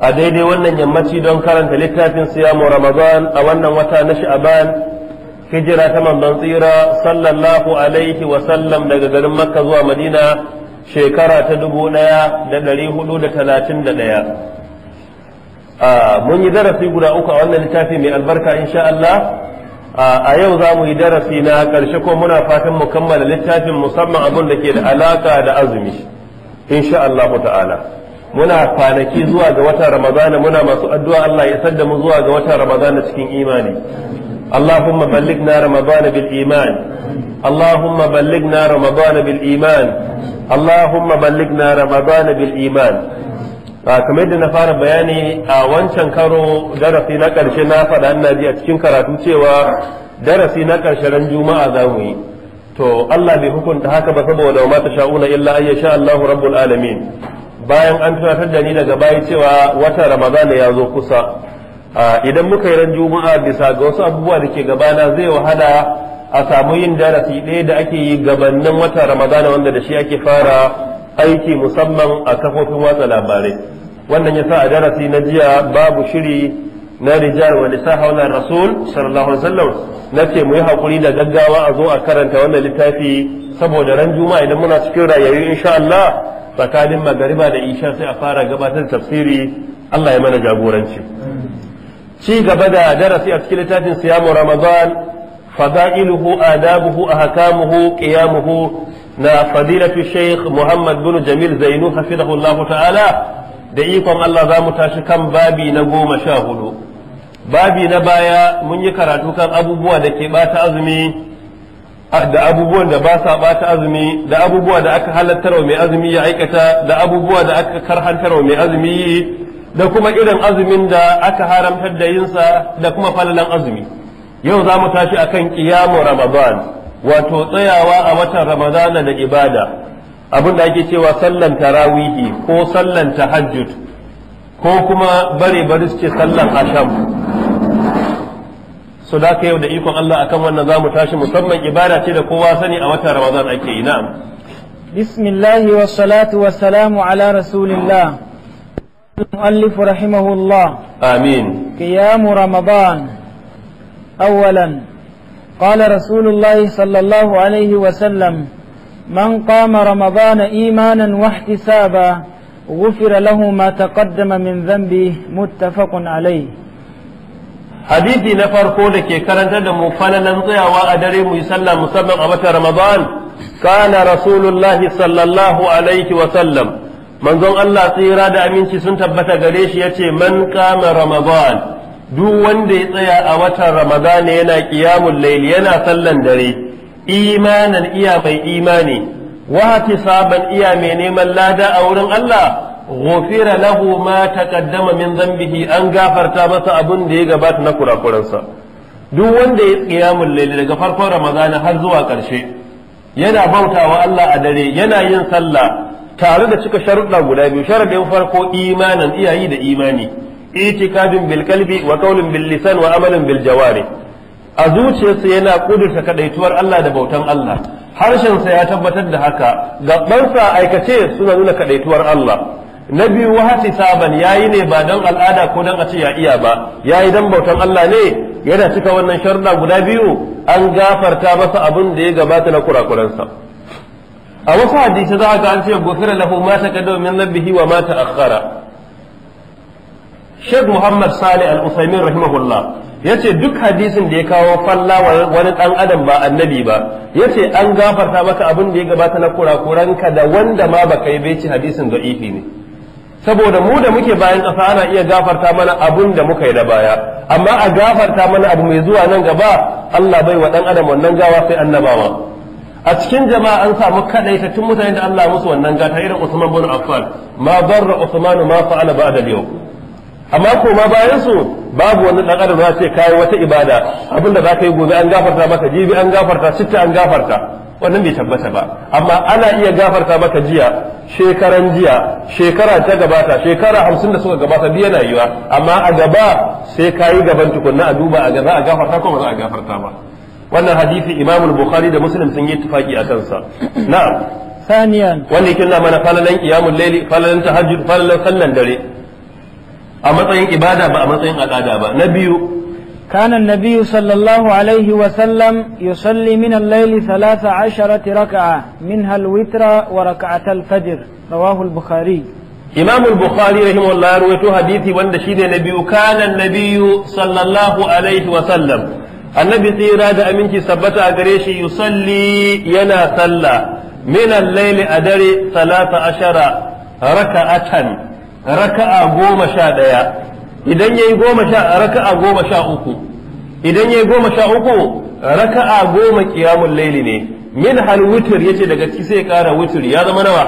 a daidai wannan yammaci don karanta littafin siyamu ramadan a wannan wata na sha'aban hijira ta manzon tsira sallallahu alaihi wa sallam daga garin makka zuwa madina shekara ta dubu daya da dari hudu da talatin da daya. mun yi darasi guda uku a wannan littafi mai albarka insha Allah a yau za mu yi darasi na ƙarshe ko muna fatan mu kammala littafin musamman abin da ke da alaka da azumi insha Allah ta'ala muna kwanaki zuwa ga watan ramadana muna masu addu'a Allah ya sadda mu zuwa ga watan ramadana cikin imani اللهم بلغنا رمضان بالإيمان اللهم بلغنا رمضان kamar yadda na fara bayani a wancan karo darasi na ƙarshe na faɗa ina ji a cikin karatu cewa darasi na ƙarshe ran juma'a za mu yi to Allah bai hukunta haka ba saboda ma ta sha'una illa ayyasha Allahu rabbul alamin bayan an tunatar da ni daga baya cewa watan ramadana ya zo kusa idan muka yi ran juma'a bisa ga wasu abubuwa da ke gabana zai wahala a samu yin darasi ɗaya da ake yi gabanin watan ramadana wanda da shi ake fara aiki musamman a kafofin watsa labarai wannan ya sa a darasi na jiya babu shiri na rijal wa nisa haula rasul sallallahu alaihi wasallam nace mu yi hakuri da gaggawa a zo a karanta wannan littafi saboda ran juma'a idan muna cikin rayayyu insha Allah tsakanin magariba da isha sai a fara gabatar tafsiri Allah ya mana jagoranci ci gaba da darasi a cikin littafin siyamu ramadan fada'iluhu adabuhu ahkamuhu qiyamuhu na fadilatu sheikh muhammad bin jamil zainu Allah ta'ala da ikon Allah za mu tashi kan babi na goma sha hudu babi na baya mun yi karatu kan abubuwa da ke bata azumi da abubuwan da ba sa bata azumi da abubuwa da aka halatta mai azumi ya aikata da abubuwa da aka karhantar mai azumi yi da kuma irin azumin da aka haramtar da yinsa da kuma falalan azumi yau za mu tashi kan kiyamu ramadan wato tsayawa a watan Ramadana da ibada abin da ake cewa sallan tarawihi ko sallan tahajjud ko kuma bare bari suke sallan asham so da ka yau da ikon Allah akan wannan za mu tashi musamman ibada ce da kowa sani a watan Ramadan ake yi na'am bismillah wa salatu wa salamu ala rasulillah المؤلف رحمه الله آمين قيام رمضان أولا قال رسول الله صلى الله عليه وسلم من قام رمضان إيمانا واحتسابا غفر له ما تقدم من ذنبه متفق عليه hadisi na farko da ke karantar da mu falalan tsayawa a dare mu yi sallah musamman a watan ramadan kana rasulullahi sallallahu alaihi wa sallam manzon Allah tsira da aminci sun tabbata gare shi yace man kama ramadan duk wanda ya tsaya a watan ramadan yana qiyamul layl yana sallan dare imanan iya mai imani wa sabon iya mai neman lada a wurin Allah غفر له ما تقدم من ذنبه an gafarta masa abin da ya gabata na دو duk wanda ya الليل layl daga farkon ramadan har zuwa karshe yana bautawa Allah a dare yana yin sallah tare da cika sharuɗa guda biyu sharadin farko imanan iyayi da imani itikadun bil kalbi wa باللسان وعمل lisan wa amalun bil jawari a zuciyarsa yana kudurta الله Allah da Allah harshensa ya tabbatar da haka gabansa aikace suna nuna kadaituwar Allah na biyu wahati saban yayi ne ba don al'ada ko don a ce ya iya ba yayi dan bautan Allah ne yana cika wannan sharuɗa guda biyu an gafarta masa abin da ya gabata na kurakuransa a wasu hadisi za a ga an ce gofira lahu ma taqaddama min nabihi wa ma ta'akhkhara Sheikh Muhammad Salih Al-Utsaimin rahimahullah yace duk hadisin da ya kawo falla wani dan adam ba annabi ba yace an gafarta maka abin da ya gabata na kurakuranka da wanda ma baka yi bai ci hadisin ifi ne saboda mu da muke bayan ƙasa ana iya gafarta mana abun da muka yi na baya amma a gafarta mana abu mai zuwa nan gaba Allah bai wa ɗan adam wannan gawa sai annabawa a cikin jama'a an samu tun mutane da Allah musu wannan gata irin Usman bin Affan ma barra Usman ma fa'ala ba'da yau amma ko ma bayan su babu wani ɗan adam ya ce kai wata ibada abinda zaka yi gobe an gafarta maka jibi an gafarta sitta an gafarta wannan bai tabbata ba amma ana iya gafarta maka jiya shekaran jiya shekara ta gabata shekara hamsin da suka gabata biya na yiwa amma a gaba sai ka yi gaban tukunna a duba a za a gafarta ko ba za a gafarta ba wannan hadisi imam bukhari da muslim sun yi tufaki a kansa na'am saniyan wanda yake mana falalan qiyamul layli falalan tahajjud falalan sallan dare a matsayin ibada ba a matsayin al'ada ba na biyu كان النبي صلى الله عليه وسلم يصلي من الليل ثلاث عشرة ركعة منها الوتر وركعة الفجر رواه البخاري إمام البخاري رحمه الله رويته حديثي وان شيد النبي كان النبي صلى الله عليه وسلم النبي تيرا دا أمينك سبت أدريشي يصلي ينا صلى من الليل أدري ثلاث عشرة ركعة ركعة قوم شادية idan yayi goma sha raka'a goma sha uku idan yayi goma sha uku raka'a goma qiyamul layli ne min hal ya yace daga ci sai kara wutur ya zama nawa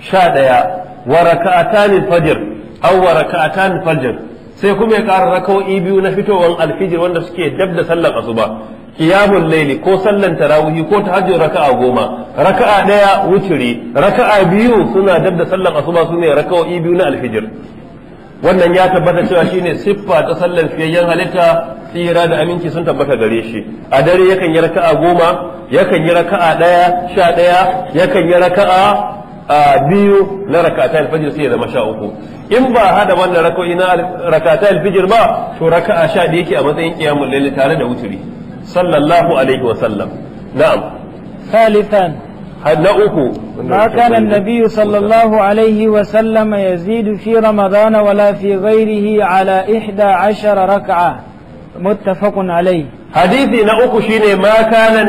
sha daya wa raka'atan fajr aw wa raka'atan fajr sai kuma ya kara raka'o'i biyu na fitowar alfijir wanda suke dabda da sallar asuba qiyamul laili ko sallan tarawihi ko tahajjud raka'a goma raka'a daya wuturi raka'a biyu suna dab da asuba sune raka'o'i biyu na alfijir wannan ya tabbata cewa shine siffa ta sallan fiyayyen halitta tsira da aminci sun tabbata gare shi a dare yakan yi raka'a goma yakan yi raka'a ɗaya sha ɗaya yakan yi raka'a a biyu na rakata alfajir sai ya zama sha uku in ba hada wannan rako'i na rakata alfajir ba to raka'a sha da yake a matsayin qiyamul layl tare da wuturi sallallahu alaihi wa sallam na'am salisan نأكو ما كان النبي صلى الله عليه وسلم يزيد في رمضان ولا في غيره على إحدى عشر ركعة متفق عليه حديثي نأكو شيني ما كان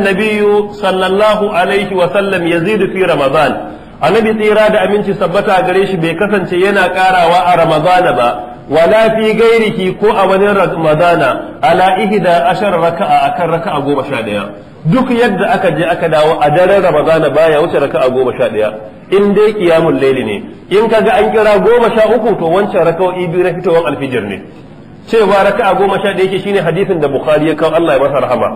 sallallahu alaihi wa sallam ya يزيد في ramadan annabi tsira da aminci sabbata a gare shi bai kasance yana karawa a ramadana ba wala fi gairiki ko a wani ramadana ala ihda ashar raka'a akan raka'a goma sha daya duk yadda aka je aka dawo a daren ramadana baya wuce raka'a goma sha ɗaya in dai kiyamun laili ne in kaga an kira goma sha uku to wancan raka'o'i biyu na fitowar alfijir ne cewa raka'a goma sha ɗaya ke shine hadisin da bukhari ya kawo Allah ya masa rahama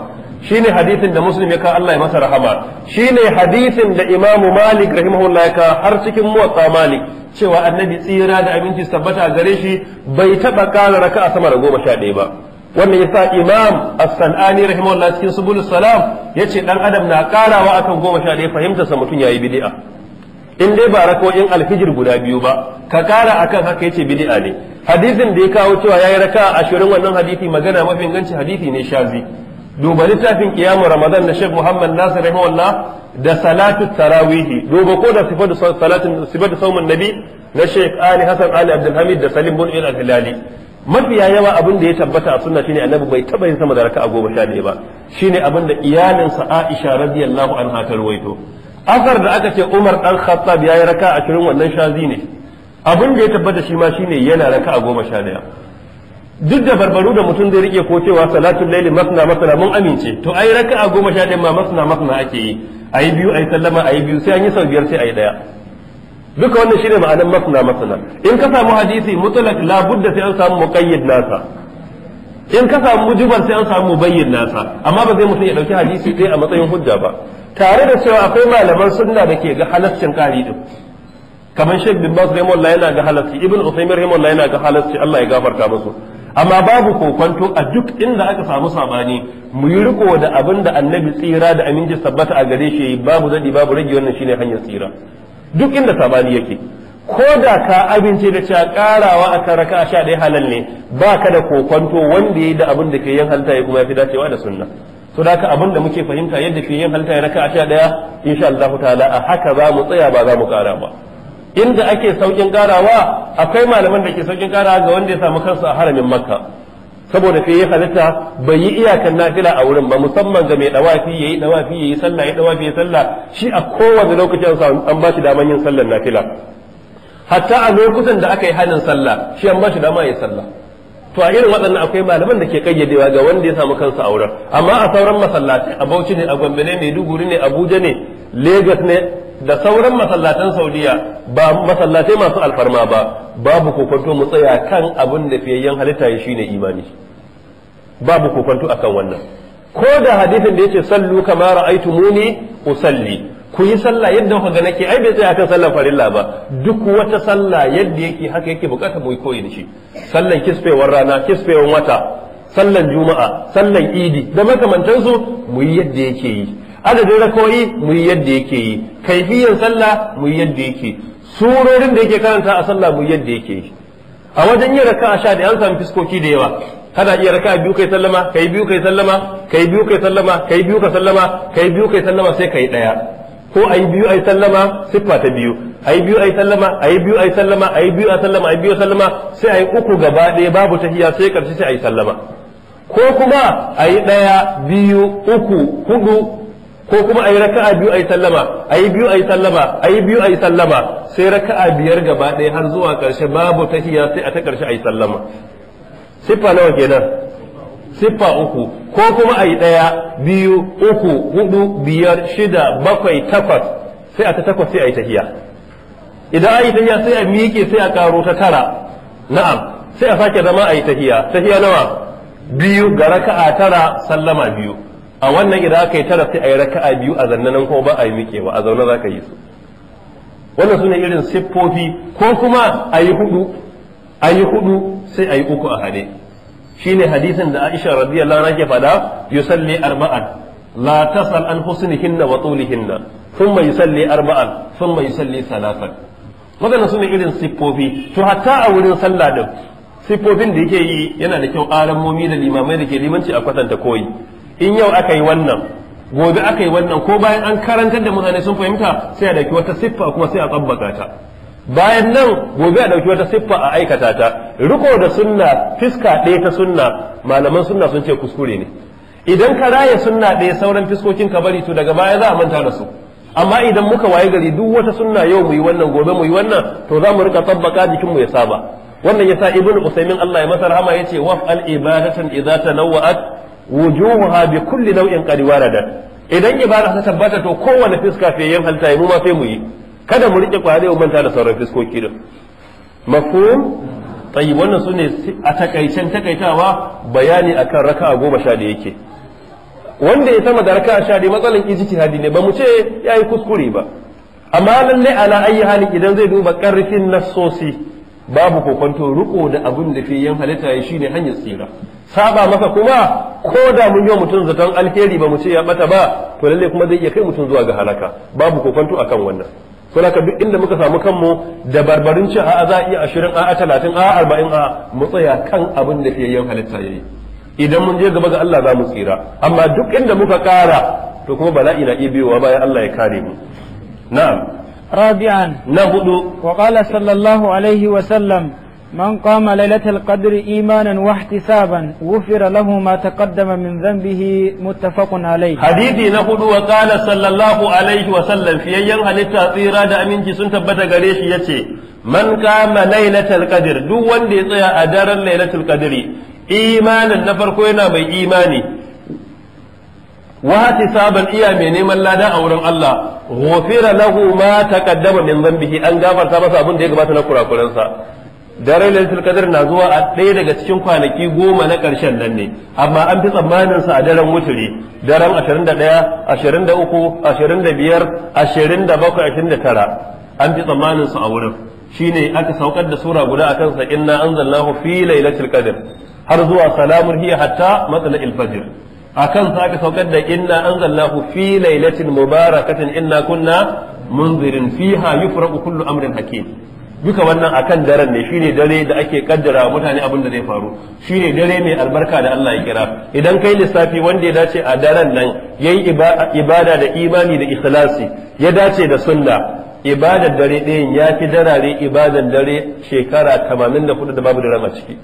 shine hadisin da muslim ya kawo Allah ya masa rahama shine hadisin da imamu malik rahimahullah ya kawo har cikin muwatta malik cewa annabi tsira da abinci tabbata gare shi bai taɓa ƙara raka'a sama da goma sha ɗaya ba wannan yasa imam as-sanani rahimahullah cikin subul salam yace dan adam na karawa akan goma sha daya fahimta sa mutum yayi bid'a in dai ba rako'in alfijir guda biyu ba ka kara akan haka yace bid'a ne hadisin da ya kawo cewa yayi raka ashirin wannan hadisi magana mafi inganci hadisi ne shazi duba littafin kiyamu ramadan na Sheikh Muhammad Nasir rahimahullah da salatu tarawih duba ko da sifatu salatin sifatu saumun nabi na Sheikh Ali Hassan Ali Abdul Hamid da Salim bin Al-Hilali mafiya yawa abin da ya tabbata a sunna shine annabi bai taba yin sama da raka'a goma sha ɗaya ba shine abin da sa Aisha radiyallahu anha ta ruwaito asar da aka ce Umar dan Khattab yayi raka'a 20 wannan shazi ne abin da ya tabbata shi ma shine yana raka'a goma sha ɗaya duk da barbaru da mutum zai rike ko cewa salatul laili masna masna mun amince to ai raka'a goma sha ɗaya ma masna masna ake yi ayi biyu ayi sallama ayi biyu sai an yi sau biyar sai ayi ɗaya duka wannan shine ma'anar masna masna in ka samu hadisi mutlaq la budda sai an samu muqayyid nasa in ka samu mujiban sai an samu mubayyin nasa amma ba zai mutum ya dauki hadisi sai a matsayin hujja ba tare da cewa akwai malaman sunna da ke ga halaccin kari din kamar Sheikh bin Baz allah yana ga halacci Ibn Uthaymeen allah yana ga halacci Allah ya gafarta musu amma babu kokonto a duk inda aka samu sabani mu yi riko da abin da annabi tsira da aminci sabbata a gare shi babu zadi babu rage wannan shine hanyar tsira duk inda sabani yake ko da ka abinci da cewa karawa a kan raka sha ɗaya halal ne ba ka da kokonto wanda ya yi da abin da ke yin halta ya kuma ya fi dacewa da sunna to da ka abin da muke fahimta yadda ke yin halta ya raka sha ɗaya insha Allah ta'ala a haka za mu tsaya ba za mu kara ba inda ake saukin karawa akwai malaman da ke saukin karawa ga wanda ya samu kansa a haramin makka saboda sai ya halitta bai yi iyakan nafila a wurin ba musamman ga mai dawafi yayi dawafi yayi sallah yayi dawafi yayi sallah shi a kowane lokaci an ba shi daman yin sallar nafila hatta a lokutan da aka yi hanin sallah shi an ba shi dama yayi sallah to a irin waɗannan akwai malaman da ke kayyadewa ga wanda ya samu kansa a auren amma a sauran masallatai a Bauchi ne a Gombe ne Maiduguri ne Abuja ne Lagos ne da sauran masallatan saudiya ba masallatai masu alfarma ba babu kokonto mu tsaya kan abin da fiyayyen halitta ya shine imani babu kokonto akan wannan ko da hadisin da yake sallu kama ra'aytumuni usalli ku yi sallah yadda kuka ga nake ai bai tsaya akan sallar farilla ba duk wata sallah yadda yake haka yake bukata mu koyi da shi sallan kisfewar rana kisfewar wata sallan juma'a sallan idi da makamantansu mu yi yadda yake yi adadin rakoi mu yi yadda yake yi kaifiyar sallah mu yi yadda yake surorin da yake karanta a sallah mu yi yadda yake yi a wajen yin raka'a sha da an samu fiskoki da yawa kana iya raka'a biyu kai sallama kai biyu kai sallama kai biyu kai sallama kai biyu kai sallama kai biyu kai sallama sai kai daya ko ayi biyu ayi sallama siffa ta biyu ayi biyu ayi sallama ayi biyu ayi sallama ayi biyu ayi sallama ayi biyu sallama sai ayi uku gaba ɗaya babu tahiyya sai karshe sai ayi sallama ko kuma ayi ɗaya biyu uku hudu ko kuma ayi raka'a biyu ayi sallama ayi biyu ayi sallama ayi biyu ayi sallama sai raka'a biyar gaba ɗaya har zuwa ƙarshe babu tahiyya sai a ta ƙarshe ayi sallama siffa nawa kenan siffa uku ko kuma ayi ɗaya biyu uku hudu biyar shida bakwai takwas sai a ta takwas sai ayi tahiyya idan ayi tahiyya sai a miƙe sai a karo ta tara na'am sai a sake zama ayi tahiyya tahiyya nawa biyu ga raka'a tara sallama biyu a wannan idan aka yi tara sai a yi raka'a biyu a zanne nan ba a yi ba a zaune za ka yi su wannan suna irin siffofi ko kuma a yi hudu a yi hudu sai a yi uku a hade ne hadisin da Aisha radiyallahu anha ke fada yusalli arba'an la tasal an husnihinna wa tulihinna thumma yusalli arba'an thumma yusalli salatan wannan suna irin siffofi to hatta a wurin sallah din siffofin da yake yi yana da kyau ƙaran da limamai da ke limanci a kwatanta koyi in yau aka yi wannan gobe aka yi wannan ko bayan an karantar da mutane sun fahimta sai a dauki wata siffa kuma sai a tsabbaka ta bayan nan gobe a dauki wata siffa a aikata ta riko da sunna fiska ɗaya ta sunna malaman sunna sun ce kuskure ne idan ka raya sunna ɗaya sauran fiskokin ka bari to daga baya za a manta da su amma idan muka waye gari duk wata sunna yau mu yi wannan gobe mu yi wannan to za mu rika jikin jikinmu ya saba wannan yasa ibnu usaimin Allah ya masa rahama yace waf al ibadatan idza tanawwa'at wujuhuha bi kulli nau'in qad waradat idan ibada ta tabbata to kowanne fiska fe yin halta mu ma sai mu yi kada mu rike kwa mu manta da sauran fiskoki din mafhum tayyib wannan sune a takaicen takaitawa bayani akan raka'a goma sha da yake wanda ya sama da raka'a sha da matsalan ijtihadi ne ba mu ce yayi kuskure ba amma lalle ala ayi halin idan zai duba karfin nasosi babu kokonto riko da abin da fiye yin halitta ya ne hanyar tsira saba masa kuma ko da mun yi mutum zaton alheri ba mu ce ya bata ba to lalle kuma zai iya kai mutum zuwa ga halaka babu kokonto akan wannan don haka duk inda muka samu kanmu da barbarin ci a'a za iya ashirin a'a talatin a arba'in a mu tsaya kan abin da fiye yin halitta ya idan mun je gaba ga Allah za mu tsira amma duk inda muka ƙara to kuma bala'i na iya biyowa bayan Allah ya kare mu na'am rabi'an na hudu wa qala sallallahu alaihi wa sallam من قام ليلة القدر إيمانا واحتسابا غفر له ما تقدم من ذنبه متفق عليه حديثي نقول وقال صلى الله عليه وسلم في أيام هل تأثير هذا أمين جسون تبت قريش يتي من قام ليلة القدر دو وندي طيا أدار ليلة القدر إيمانا نفر كوينا بي إيماني واحتسابا إيا من نيمان لا دا أورم الله غفر له ما تقدم من ذنبه أن غفر تابس أبن ديك باتنا كرا كرنسا daren lailatul qadr na zuwa a ɗaya daga cikin kwanaki goma na ƙarshen nan ne amma an fi tsammanin sa a daren wuturi daren 21 23 25 27 29 an fi tsammanin sa a wurin shine aka saukar da sura guda akan sa inna anzalnahu fi lailatul qadr har zuwa salamun hiya hatta matla'il fajr akan sa aka saukar da inna anzalnahu fi lailatin mubarakatin inna kunna munzirin fiha yufraqu kullu amrin hakim duka wannan akan daren ne shine dare da ake kaddara mutane abin da zai faru shine dare mai albarka da Allah ya kira idan kai lissafi wanda ya dace a daren nan yayi ibada da imani da ikhlasi ya dace da sunna ibadar dare ɗayan ya fi darare ibadar dare shekara tamanin da kudu da babu da rama ciki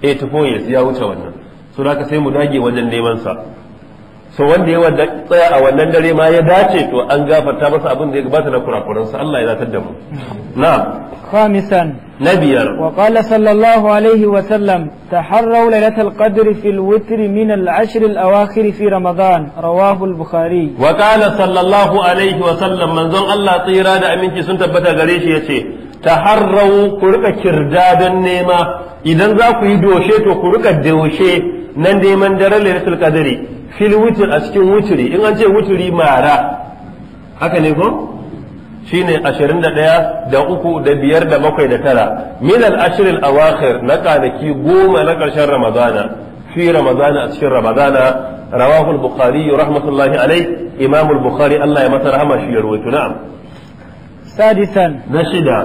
84 eh, years ya wuce wannan so da sai mu dage wajen neman sa to wanda ya wanda tsaya a wannan dare ma ya dace to an gafarta masa abin da ya gabata na kurakuran sa Allah ya zatar da mu na khamisan nabiyar wa qala sallallahu alaihi wa sallam taharraw lailatul qadri fil witri min al ashr al awakhir fi ramadan rawahu al bukhari wa qala wa sallam manzon Allah tsira da aminci sun tabbata gare shi yace taharraw ku rika don nema idan za ku yi doshe to ku rika doshe nan dai man daren lailatul qadri fil witr a cikin wuturi in an ce wuturi mara haka ne ko shine 21 da uku da biyar da bakwai da tara min al ashril awakhir na kanaki goma na karshen ramadana fi ramadana a cikin ramadana rawahu al bukhari rahmatullahi alayh imam al bukhari Allah ya masa rahama shi ya rawaito na'am sadisan na shida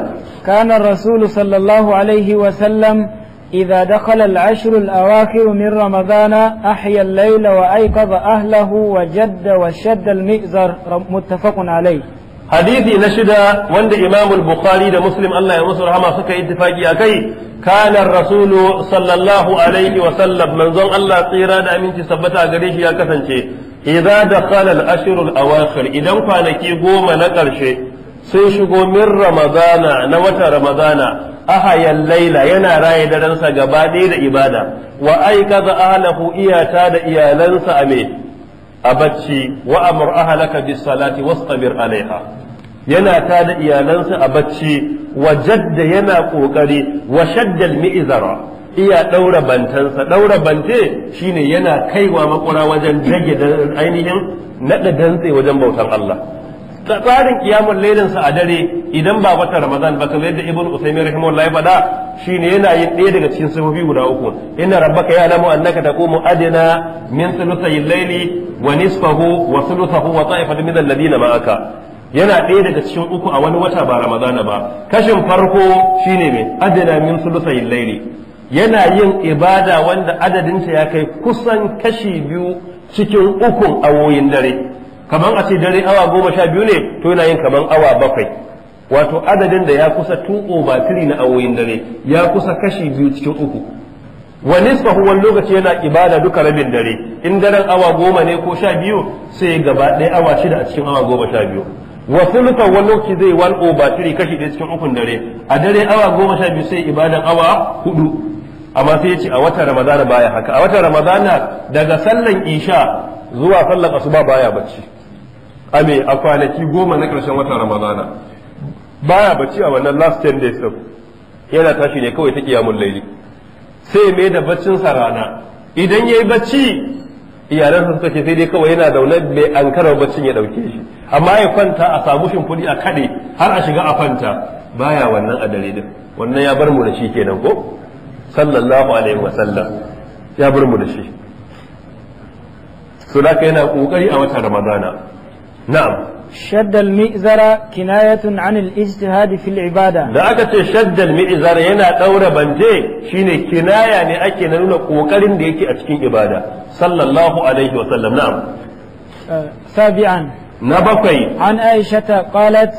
kana rasulu sallallahu alaihi wa sallam إذا دخل العشر الأواخر من رمضان أحيا الليل وأيقظ أهله وجد وشد المئزر متفق عليه حديثي نشدا وند إمام البخاري دا مسلم الله يمسر رحمه سكا اتفاقي أكي كان الرسول صلى الله عليه وسلم من ظن الله طيرا دا أمين تثبتا قريش يا كثنشي إذا دخل العشر الأواخر إذا كان كي قوم نقرشي sun shigo min ramadana na wata ramadana ahayan laila yana raye daransa gaba ɗaya da ibada wa aikaza ahlahu iyata da iyalansa a me a bacci wa amur ahlaka bis salati wastabir alaiha yana ta da iyalansa a bacci wa jadda yana kokari wa shaddal mi'zara iya daura bantansa daura bante shine yana kaiwa makura wajen jage da ainihin nada dantse wajen bautan Allah tsarin kiyamun lailin sa a dare idan ba wata ramadan ba kamar yadda ibn usaymi rahimahullahi bada shine yana yin ɗaya daga cikin sifofi guda uku inna rabbaka ya'lamu annaka taqumu adna min thuluthay al-layli wa nisfahu wa thuluthahu wa ta'ifatan min alladhina ma'aka yana ɗaya daga cikin uku a wani wata ba ramadana ba kashin farko shine mai adana min sulusai laili yana yin ibada wanda adadin ta ya kai kusan kashi biyu cikin ukun awoyin dare kamar a ce dare awa goma sha biyu ne to yana yin kamar awa bakwai wato adadin da ya kusa tuko batiri na awoyin dare ya kusa kashi biyu cikin uku wa nisfahu wani lokaci yana ibada duka rabin dare in daren awa goma ne ko sha biyu sai gaba ɗaya awa shida a cikin awa goma sha biyu wa thuluthan wani lokaci zai one ba tiri kashi ɗaya cikin ukun dare a dare awa goma sha biyu sai ibadan awa hudu amma sai ce a watan ramadana baya haka a watan ramadana daga sallan isha zuwa sallan asuba baya bacci a a kwanaki goma na karshen watan ramadana baya bacci a wannan last ten days din yana tashi ne kawai ta kiyamul laili sai mai da baccin sa rana idan yayi bacci iyalansa suka ce sai dai kawai yana zaune mai ankara baccin ya dauke shi amma ya kwanta a samu shimfiɗi a kaɗe har a shiga a kwanta baya wannan a dare din wannan ya bar mu da shi kenan ko sallallahu alaihi wasallam ya bar mu da shi so da yana kokari a wata ramadana na'am شد المئزر كناية عن الاجتهاد في ibada. da aka ce shaddal mi'zar yana daura banje shine kinaya ne ake na nuna kokarin da yake a cikin ibada sallallahu alaihi wa sallam na'am sabi'an na bakwai an aisha qalat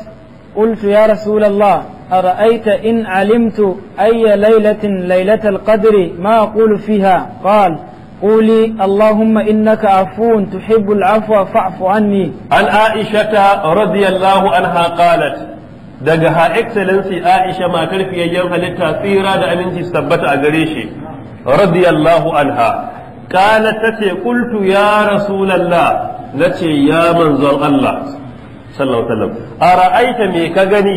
قلت يا رسول الله أرأيت إن علمت أي ليلة ليلة القدر ما أقول فيها قال قولي اللهم إنك عفو تحب العفو فاعف عني عن عائشة رضي الله عنها قالت دقها إكسلنسي عائشة ما كان في أيام هلتا في رادة استبت سبت أغريشي رضي الله عنها قالت قلت يا رسول الله نتي يا منظر الله sallallahu alaihi wasallam ara'aita me ka gani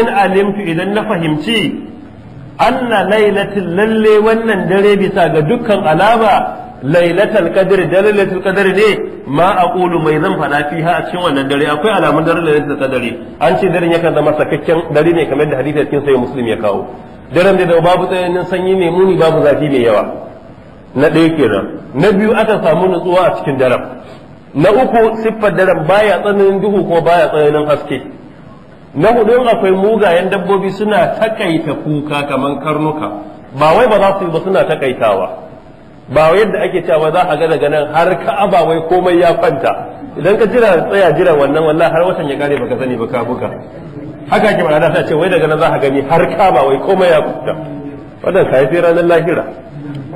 in alimtu idan na fahimci anna lailatin lalle wannan dare bisa ga dukkan alaba lailatul qadr da qadr ne ma aqulu mai zan fada fiha a cikin wannan dare akwai alamun dare lailatul qadr an ce daren yakan zama sakakken dare ne kamar da hadisi cikin sai muslim ya kawo daren da babu tsananin sanyi ne muni babu zafi mai yawa na ɗaya kenan na biyu aka samu nutsuwa a cikin daren na uku siffar daren baya tsananin duhu kuma baya tsananin haske na hudu akwai mugayen dabbobi suna takaita kuka kamar karnuka ba wai ba za su yi ba suna takaitawa ba yadda ake cewa za a ga daga nan har ka'aba wai komai ya kwanta idan ka jira tsaya jira wannan wallahi har watan ya kare baka sani baka buka haka ke ma'ana ta ce wai daga nan za a gani har ka ba wai komai ya kwanta wannan kai sai ranar lahira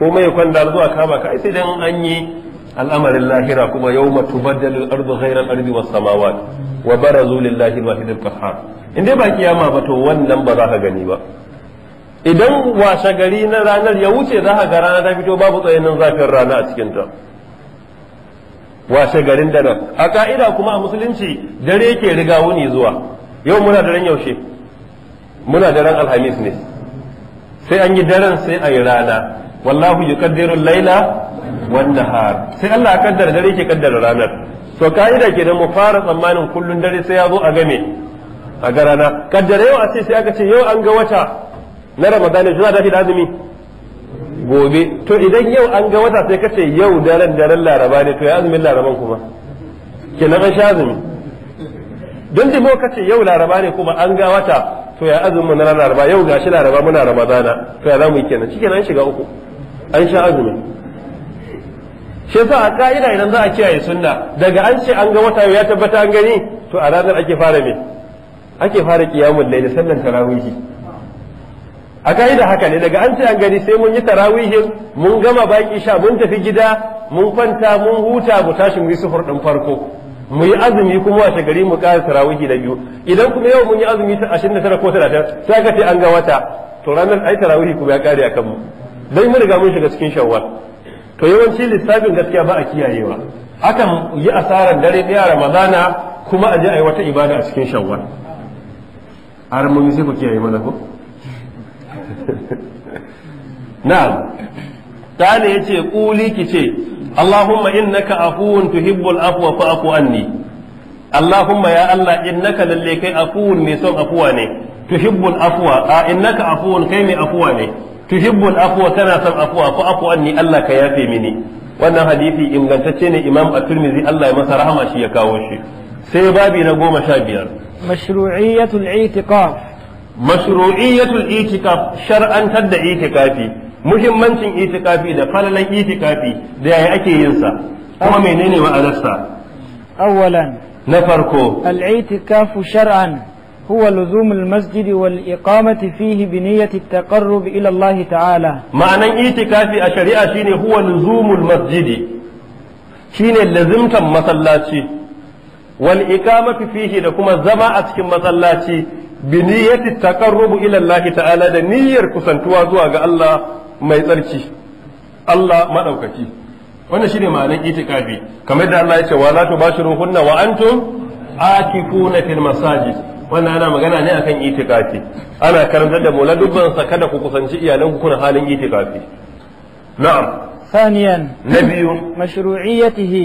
komai ya kwanta zuwa kaba ka sai dan an yi al'amarin lahira kuma yau matu baddalin arzu ghairar arzi wasu wa bara zulin lahir wahidin kahar in dai wannan ba za ka gani ba idan washe gari na ranar ya wuce za ka ga rana ta fito babu tsayinin zafin rana a cikinta washe garin da nan a ka'ida kuma a musulunci dare yake riga wuni zuwa yau muna daren yaushe muna daren alhamis ne sai an yi daren sai ayi rana wallahu yuqaddiru Layla. wan nahar sai Allah ya kaddara dare ke kaddara ranar to kaida kenan mu fara tsammanin kullun dare sai ya zo a game a ga rana kaddara yau a ce sai aka ce yau an ga wata na Ramadan ne za ta fi azumi gobe to idan yau an ga wata sai kace yau daren daren Laraba ne to ya azumin Laraban kuma kenan an sha azumi don da mu kace yau Laraba ne kuma an ga wata to ya azumin na Laraba yau gashi Laraba muna Ramadana to ya zamu yi kenan shikenan an shiga uku an sha azumi shi yasa a ka'ida idan za a kiyaye sunna daga an ce an ga wata ya tabbata an gani to a ranar ake fara me ake fara qiyamul layl sallan tarawihi a ka'ida haka ne daga an ce an gani sai mun yi tarawihin mun gama baki sha mun tafi gida mun kwanta mun huta mu tashi mu yi sufur din farko mu yi azumi kuma washe gari mu ƙara tarawihi da biyu idan kuma yau mun yi azumi ta tara ko 30 sai ka ce an ga wata to ranar ai tarawihi kuma ya ƙare akan mu dai mun riga mun shiga cikin shawwal to yawanci lissafin gaskiya ba a kiyayewa akan yi asarar dare ɗaya ramadana kuma a je a yi wata ibada a cikin shawar har mun sai ku kiyaye mana ko na'am ce, Ƙuli ki ce, allahumma innaka afuwun tuhibbul afwa fa'fu anni allahumma ya allah innaka lalle kai afuwun mai son afuwa ne tuhibbul afwa a innaka afuwun kai mai afuwa ne tuhibbul afuwa tana son afwa fa afwa anni Allah ka yafe mini wannan hadisi ingantacce ne Imam At-Tirmidhi Allah ya masa rahama shi ya kawo shi sai babi na goma sha biyar mashru'iyyatul i'tikaf mashru'iyyatul i'tikaf shar'antar da i'tikafi muhimmancin i'tikafi da falalan i'tikafi da yaya ake yin sa kuma menene ma'anarsa awwalan na farko al-i'tikafu shar'an هو لزوم المسجد والإقامة فيه بنية التقرب إلى الله تعالى معنى اعتكافي الشريعة شيني هو لزوم المسجد شيني لزمت مسلاتي والإقامة فيه لكما زما أتكم مسلاتي بنية التقرب إلى الله تعالى da niyyar kusantuwa zuwa ga Allah mai tsarki Allah madaukaki wannan shine ma'anar itikafi kamar da Allah ya ce wala tubashirun hunna wa antum akifuna fil masajid wannan yana magana ne akan itikafi ana karantar da mola duk kada ku kusanci iyalanku kuna halin itikafi na'am saniyan na biyu mashru'iyyatihi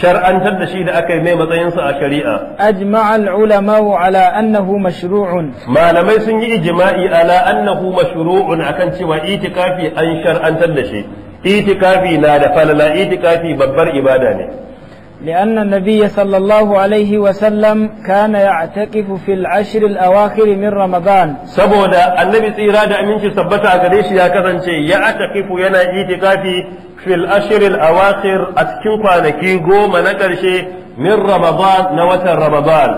shar'antar da shi da aka yi mai matsayin sa a shari'a ajma'a al-ulama ala annahu mashru'un malamai sun yi ijma'i ala annahu mashru'un akan cewa itikafi an shar'antar da shi itikafi na da falala itikafi babbar ibada ne لأن النبي صلى الله عليه وسلم كان يعتكف في العشر الأواخر من رمضان سبودا النبي تيرا دا أمينك سبتا أكديش يا كذنشي يعتكف ينا إيتكافي في العشر الأواخر أتكين قانكي قوم نكرشي من رمضان نوة رمضان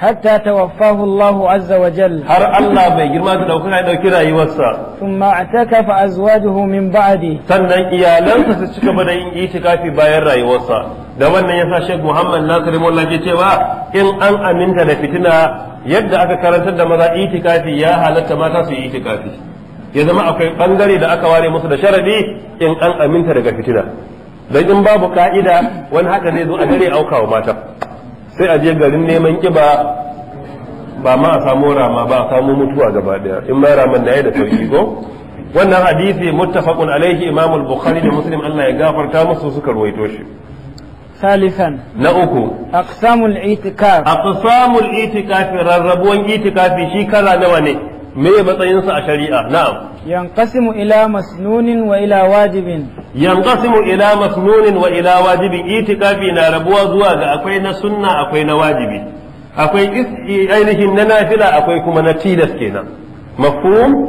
حتى توفاه الله عز وجل هر الله بي جرما دوكنا دوكنا يوسع ثم اعتكف أزواجه من بعده سنن إيالان فسسكبنا إيتكافي باير يوسع da wannan ya sa Sheikh Muhammad Nasir Mullah ke cewa in an aminta da fitina yadda aka karantar da maza itikafi ya halatta mata su yi itikafi ya zama akwai bangare da aka ware musu da sharadi in an aminta daga fitina dan in babu ka'ida wani haka zai zo a dare aukawa mata sai a je garin neman kiba ba ma a samu rama ba a samu mutuwa gaba daya in ma raman da ya da sauki ko wannan hadisi muttafaqun alaihi imamul bukhari da muslim Allah ya gafarta musu suka ruwaito shi ثالثا نأكو أقسام الاعتكاف أقسام الاعتكاف رربوان اعتكاف شي نواني me matsayinsa a shari'a na'am yanqasimu ila masnunin wa ila wajibin yanqasimu ila masnunin wa ila wajibin itikafi na rabuwa zuwa ga akwai na sunna akwai na wajibi akwai ainihin na nafila akwai kuma na tilas kenan mafhum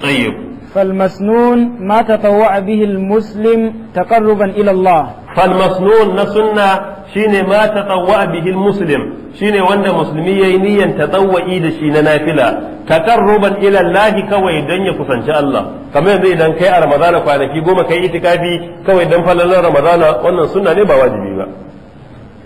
tayyib فالمسنون ما تطوع به المسلم تقربا إلى الله فالمسنون نسنة شيني ما تطوع به المسلم شيني وانا مسلمي تطوع إيد شين نافلة تقربا إلى الله كوي دنيا كسان شاء الله كما يبدو إذا كي رمضان فعلا كي قوم كي إتكافي كوي دن فلنا رمضان وانا سنة نبا واجبي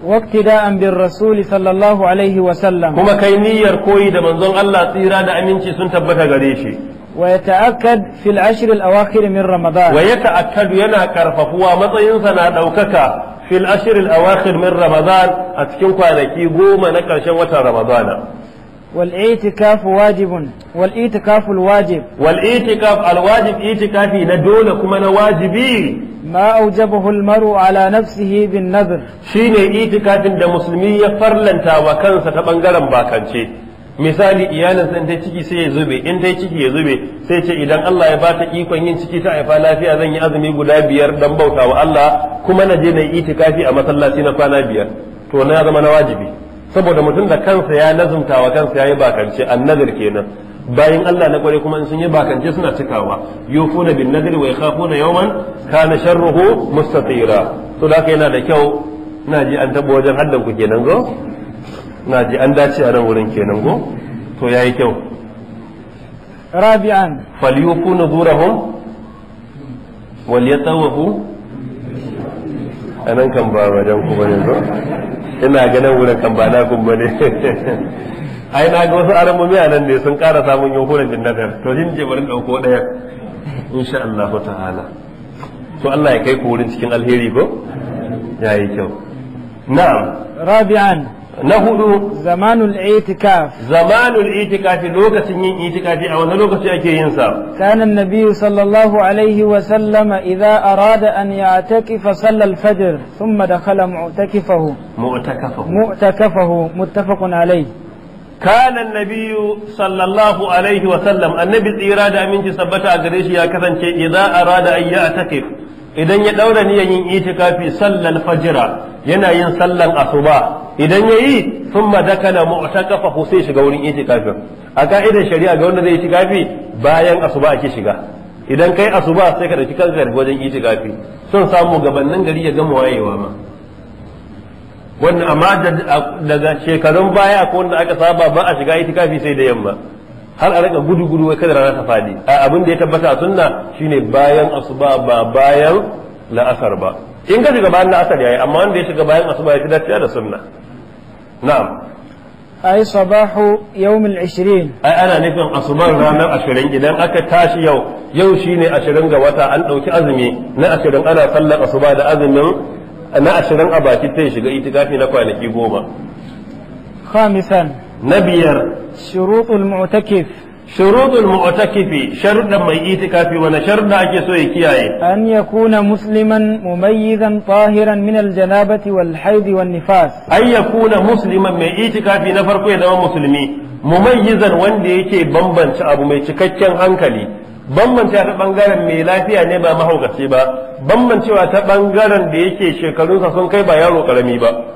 واقتداء بالرسول صلى الله عليه وسلم كما كي نير كوي دا منزل الله تيرا دا أمينشي سنتبتا غريشي ويتأكد في العشر الأواخر من رمضان ويتأكد ينا كرففوا مطين سنة دوكك في العشر الأواخر من رمضان أتكن كوانكي قوم نكر شوة رمضان والاعتكاف واجب والاعتكاف الواجب والاعتكاف الواجب اعتكافي ندول كما نواجبي ما أوجبه المرء على نفسه بالنذر شيني اعتكاف دا مسلمية فرلن تاوكنسة تبنغرم باكنشي misali iyalin in ta ciki sai ya zube in ta ciki ya zube sai ce idan Allah ya bata ikon yin ciki ta haifa lafiya zan yi azumi guda biyar dan bauta wa Allah kuma na je na yi itikafi a masallaci na kwana biyar to na zama na wajibi saboda mutum da kansa ya nazumta wa kansa yayi bakance annazir kenan bayan Allah na kware kuma in sun yi bakance suna cikawa yufuna bin nadir wa yakhafuna yawman kana sharruhu mustatira to da yana da kyau na ji an tabo wajen haddan ku kenan go na ji an dace a nan wurin kenan go to yayi kyau rabi'an falyufu nuzurahum wal yatawahu anan kan ba wajen ku bane zo ina ganin wurin kan ba na kun bane ai na ga wasu aramomi a nan ne sun ƙara samun yankunan bin nadar to shin je bari ɗauko ɗaya insha Allah ta'ala to Allah ya kai ku wurin cikin alheri go yayi kyau na'am rabi'an نهدو زمان الاعتكاف زمان الاعتكاف لوكا سنين او نلوكا سنين كان النبي صلى الله عليه وسلم اذا اراد ان يعتكف صلى الفجر ثم دخل معتكفه معتكفه معتكفه متفق عليه كان النبي صلى الله عليه وسلم النبي الإرادة من تسبتها قريش يا إذا أراد أن يعتكف idan ya daura niyan yin itikafi sallan fajira yana yin sallan asuba idan yayi thumma dakala mu'takafa sai shiga wurin itikafin a ka'idar shari'a ga wanda zai itikafi bayan asuba ake shiga idan kai asuba sai ka dauki kanka wajen itikafi son samu gabanin gari ya gama wayewa ma wannan amma daga shekarun baya ko wanda aka saba ba a shiga itikafi sai da yamma har a rika gudu gudu wai kada rana ta fadi a abin da ya tabbata a sunna shine bayan asuba ba bayan la'asar ba in ka shiga bayan la'asar yayi amma wanda ya shiga bayan asuba ya fi dacewa da sunna na'am ai sabahu yawmul 20 ai ana nufin asubar ranar 20 idan aka tashi yau yau shine 20 ga wata an dauki azumi na 20 ana sallar asuba da azumin na 20 a baki sai shiga itikafi na kwanaki goma khamisan na biyar shurutul mu'takif shurutul mu'takifi sharuɗan mai itikafi wani sharuɗa ake so ya kiyaye an yakuna musliman mumayyizan tahiran min aljanabati wal haidi wan nifas an yakuna musliman mai itikafi na farko ya zama musulmi mumayyizan wanda yake bambance abu mai cikakken hankali bambance ta bangaren mai lafiya ne ba mahaukaci ba bambancewa ta bangaren da yake shekarunsa sun kai ba yaro karami ba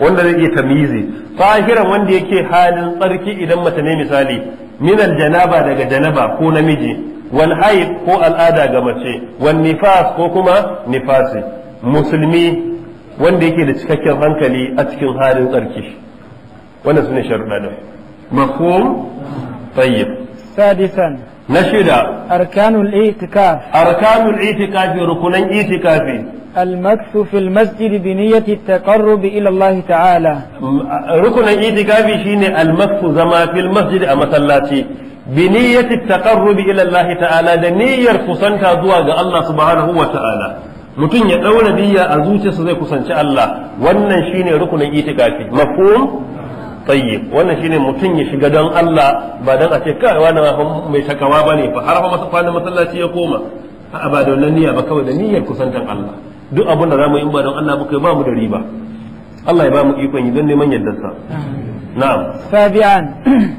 wanda zai iya tamyizi fahiran wanda yake halin tsarki idan mace ne misali min janaba daga janaba ko namiji wal haid ko al'ada ga mace wan nifas ko kuma nifasi musulmi wanda yake da cikakken hankali a cikin halin tsarki wannan sune sharuɗa da mafhum tayyib sadisan na shida arkanul i'tikaf arkanul i'tikaf rukunan i'tikafi المكث في المسجد بنية التقرب إلى الله تعالى ركن الاعتكاف شيني المكث زما في المسجد أمثلاتي بنية التقرب إلى الله تعالى دنية كسنتا زواج الله سبحانه وتعالى mutum ya ɗaura niyya a zuciyarsa zai kusanci Allah wannan shine rukunin itikafi mafhum tayyib wannan shine mutum ya shiga don Allah ba don a ce kai wani mai takawa bane fa har fa masa kwanan masallaci ya koma a ba da wannan niyya ba kawai da niyyar kusantan Allah duk abin da zamu yi ba don Allah ba kai ba mu da riba Allah ya ba mu ikon yi don neman sa. na'am sabi'an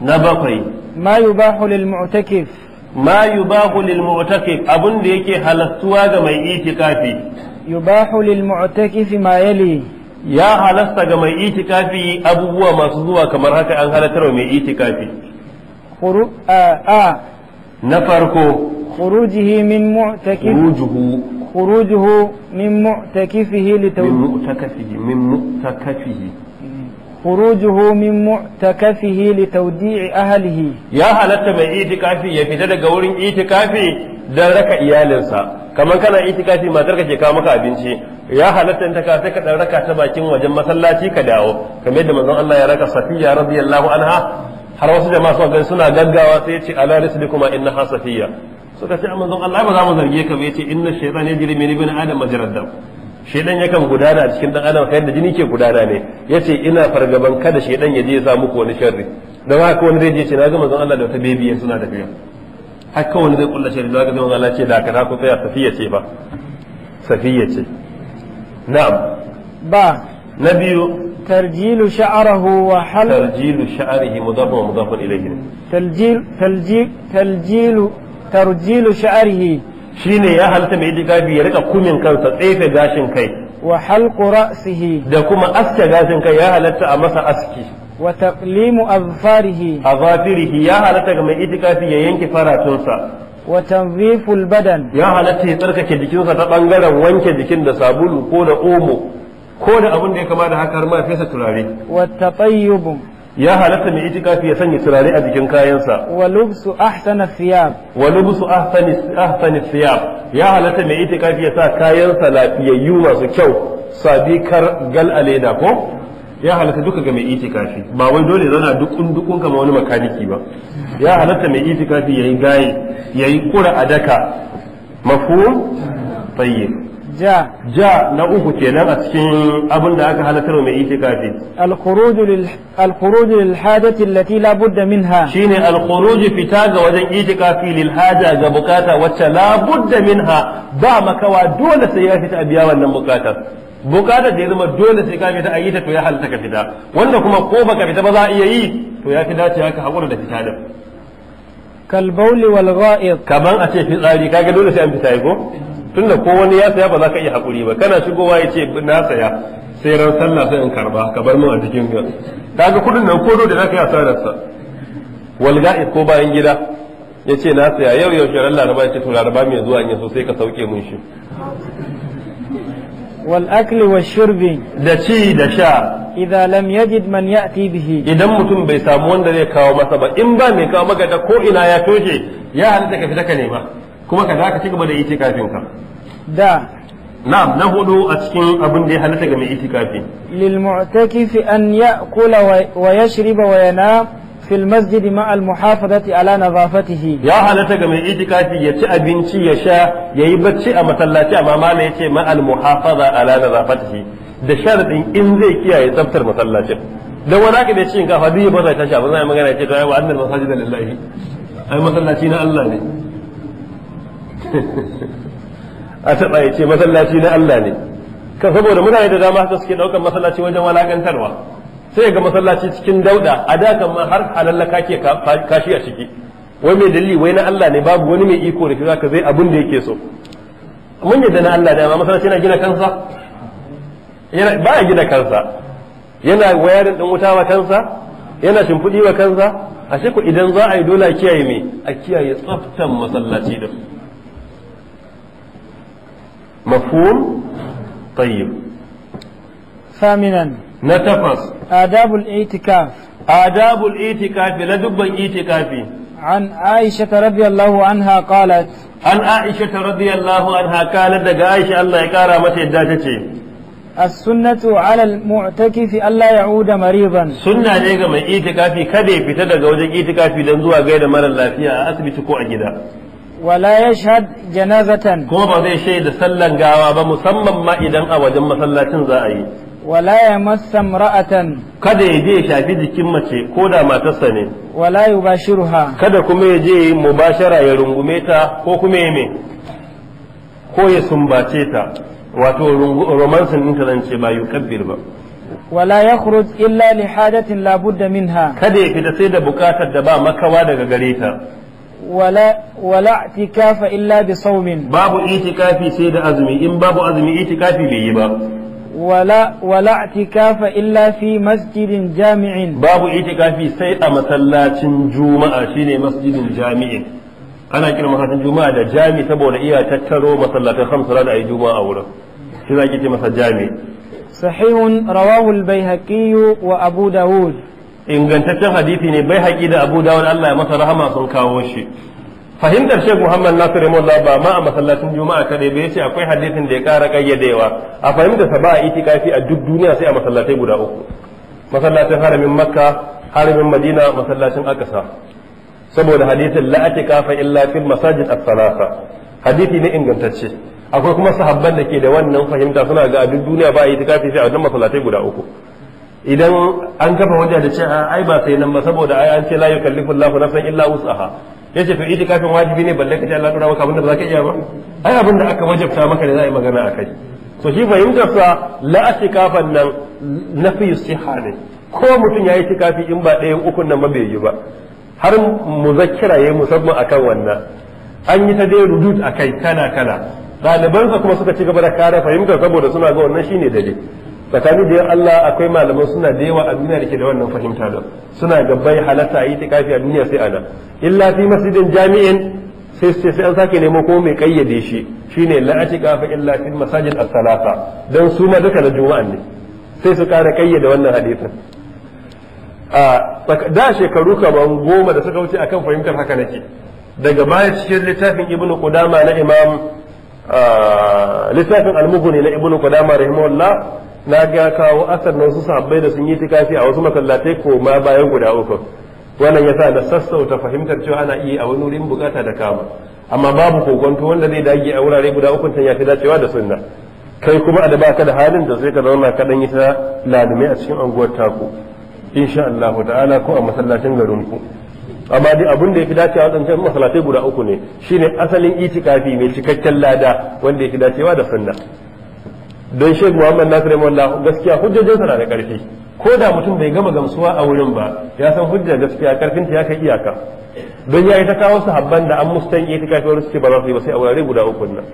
na bakwai ma yubahu lil mu'takif ma yubahu lil mu'takif abin da yake halattuwa ga mai itikafi yubahu lil mu'takif ma yali ya halasta ga mai itikafi abubuwa masu zuwa kamar haka an wa mai itikafi na farko khurujihi min mu'takif khurujuhu khurujuhu min mu'takifihi li min mu'takafihi khurujuhu min mu'takafihi li tawdi'i ahlihi ya halatta mai itikafi ya fita daga wurin itikafi dan raka iyalinsa kamar kana itikafi matar ka ke kawo maka abinci ya halatta in ta ka ka dan raka ta bakin wajen masallaci ka dawo kamar yadda manzon Allah ya raka Safiya radiyallahu anha har wasu jama'a suka ga suna gaggawa sai ya ce ala rislikuma innaha Safiya suka ce manzon Allah ba za mu zarge ka ba yace inna shaytan yajri min ibn adam majrad dam shedan yakan gudana a cikin dan adam kai da jini ke gudana ne yace ina fargaban kada shedan ya je ya sa muku wani sharri dan haka wani zai je ce na ga manzon Allah da wata bebiya suna da tafiya haka wani zai kullace da ga manzon Allah ce da ka ku tsaya safiya ce ba safiya ce na'am ba na biyu ترجيل شعره وحلق ترجيل شعره مضاف ومضاف إليه تلجيل تلجيل تلجيل ترجيل شعره Shi ne ya halta mai itikafi ya rika kumin kansa tsefe gashin kai wa halqu ra'sihi da kuma aske gashin kai ya halatta a masa aski wa taqlimu azfarihi azafirihi ya halatta ga mai itikafi ya yanke faratunsa wa tanziful badan ya halatta ya tsarkake jikinsa ta bangaren wanke jikin da sabulu ko da omo ko da abin da ya kama da haka har ma fesa turare wa tatayyubun ya halatta mai itikafi ya sanya turare a jikin kayansa wa lubsu ahsana thiyab wa lubsu ahsani ahsani thiyab ya halatta mai itikafi ya sa kayansa lafiyayyu masu kyau sabi kar gal aleda ko ya halatta duka ga mai itikafi ba wai dole zana dukun dukun kamar wani makaniki ba ya halatta mai itikafi yayi gayi yayi kura adaka mafhum tayyib ja ja na uku kenan a cikin abin da aka halatar mai ita al-khuruj lil al-khuruj lil hajati allati la budda minha shine al-khuruj fita ga wajen itikafi lil haja ga bukata wacce la budda minha ba makawa dole sai ya fita biya wannan bukatar bukatar da ya zama dole sai ka fita a yi ta to ya halatta ka fita wanda kuma ko baka fita ba za a iya yi to ya fi dacewa haka hakura da fita da kalbauli wal gha'iz kaman a ce fitsari kage dole sai an fita ko tunda ko wani ya saya ba za ka iya hakuri ba kana shigowa ya ce na saya sai ran sallah sai in karba ka bar min a cikin ga kaga kudin nan ko da zaka iya yi asarar sa ko bayan gida yace ce na saya yau yau shi laraba ya ce to raba mai zuwa in yaso sai ka sauke mun shi wal akli wa shurbi da ci da sha idan lam yajid man ya'ti bihi idan mutum bai samu wanda zai kawo masa ba in ba mai kawo maka da ko ina ya toshe ya halitta ka fita ka nema kuma ka za ka ci gaba da itikafin ka da na na hudu a cikin abin da ya halatta ga mai kafin. lil mu'takifi an ya'kula wa yashriba wa yanam fi al masjid ma al muhafazati ala nadafatihi ya halatta ga mai itikafi ya ci abinci ya sha yayi bacci a masallaci amma mala yace ma al muhafaza ala nadafatihi da sharadin in zai kiyaye tsaftar masallacin dan wani ka da cin gafa duk ba zai tashi ba zai magana yace to ai wa annal masajida lillahi ai masallaci na Allah ne a taɓa ya ce masallaci na Allah ne kan saboda mutane da dama haka suke ɗaukar masallaci wajen walakantarwa sai ga masallaci cikin dauda a da kamar har halallaka ke kashi a ciki wai mai dalili wai na Allah ne babu wani mai iko da shi zaka zai abin da yake so mun yadda na Allah dama masallaci yana gina kansa yana baya gina kansa yana wayarin din wuta wa kansa yana shimfiɗi wa kansa a ku idan za a yi dole a kiyaye me a kiyaye tsaftan masallaci din مفهوم طيب ثامنا نتفس آداب الاعتكاف آداب الاعتكاف لدب الاعتكاف عن عائشة رضي الله عنها قالت عن عائشة رضي الله عنها قالت دقا عائشة الله يكارا ما الداتة السنة على المعتكف ألا يعود مريضا سنة ليك من اعتكاف كده في تدقى وجه اعتكافي لنزوها غير مرة الله فيها أثبت كوع جدا wala yashhad janazatan ko ba zai shaida sallar gawa ba musamman ma idan a wajen masallacin za a yi wala ya massa kada ya je shafi jikin mace ko da matarsa ne wala yubashiruha kada kuma ya je mubashara ya rungume ta ko kuma ya me ko ya sumbace ta wato romansin ɗinta zan ce ba yukabbir ba wala yakhruj illa li hadatin la budda minha kada ya fita sai da buƙatar da ba makawa daga gare ta wala wala itikafa illa bi saumin babu itikafi sai da azumi in babu azumi itikafi bai yi ba wala wala itikafa illa fi masjidin jami'in babu itikafi sai a masallacin juma'a shine masjidin jami'in ana kira masallacin juma'a da jami'i saboda iya tattaro masallatan hamsa da ayi juma'a wurin shi zaki ce masa jami sahihun rawahu al wa abu ingantaccen hadisi ne bai haƙi da abu dawon allah ya masa rahama sun kawo shi fahimtar shek Muhammad Nasir Mullah ba ma a masallacin Juma'a kadai ba ce akwai hadisin da ya ƙara ƙayyadewa a fahimtar sa ba a itikafi a duk duniya sai a masallatai guda uku masallacin haramin Makka haramin Madina masallacin Aqsa saboda hadisin la atikafa illa fil masajid as hadisi ne ingantacce akwai kuma sahabban da ke da wannan fahimta suna ga a duk duniya ba a itikafi sai a wannan masallatai guda uku idan an kafa hujja da cewa ai ba sai nan ba saboda ai an ce la yukallifu Allahu nafsan illa wus'aha yace to itikafin wajibi ne balle kace Allah dora maka abinda ba za ka iya ba ai abinda aka wajabta maka ne za a yi magana akai to shi fahimtar sa la itikafan nan nafi siha ne ko mutum ya yayi itikafi in ba ɗaya ukun nan ba bai yi ba har muzakkira yayi musamman akan wannan an yi ta dai rudud akai kana kana sa kuma suka ci gaba da kare fahimtar saboda suna ga wannan shine dalil tsakani da Allah akwai malaman suna da yawa a duniya da ke da wannan fahimta da suna da bai halatta a yi tikafi a duniya sai ana illa fi masjidin jami'in sai sai sai an sake nemo ko mai kayyade shi shine la atika fa illa fil masajid as-salata dan su ma duka da juma'a ne sai su kara kayyade wannan hadisin a da shekaru kaman goma da suka wuce akan fahimtar haka nake daga baya cikin littafin ibnu qudama na imam littafin al-mughni na ibnu qudama rahimahullah na ga kawo asar nan su sabbai da sun yi tikafi a wasu masallatai ko ma bayan guda uku wannan yasa na sassauta fahimtar cewa ana iya a wani wurin bukata da kama amma babu kokonto wanda zai dage a wurare guda uku tan ya fi dacewa da sunna kai kuma a da baka da halin da zai ka zauna ka dan yi ta lalume a cikin anguwar taku insha Allah ta'ala ko a masallacin garin ku amma dai abin da ya fi dacewa wadancan masallatai guda uku ne shine asalin itikafi mai cikakken lada wanda ya dacewa da sunna don Sheikh Muhammad Nasir Mullah gaskiya hujjojinsa na da ƙarfi ko da mutum bai gama gamsuwa a wurin ba ya san hujja gaskiya ta ya kai iyaka don ya yi ta kawo habban da an musta yi ta kafin suke ba za su yi ba sai a wurare guda uku nan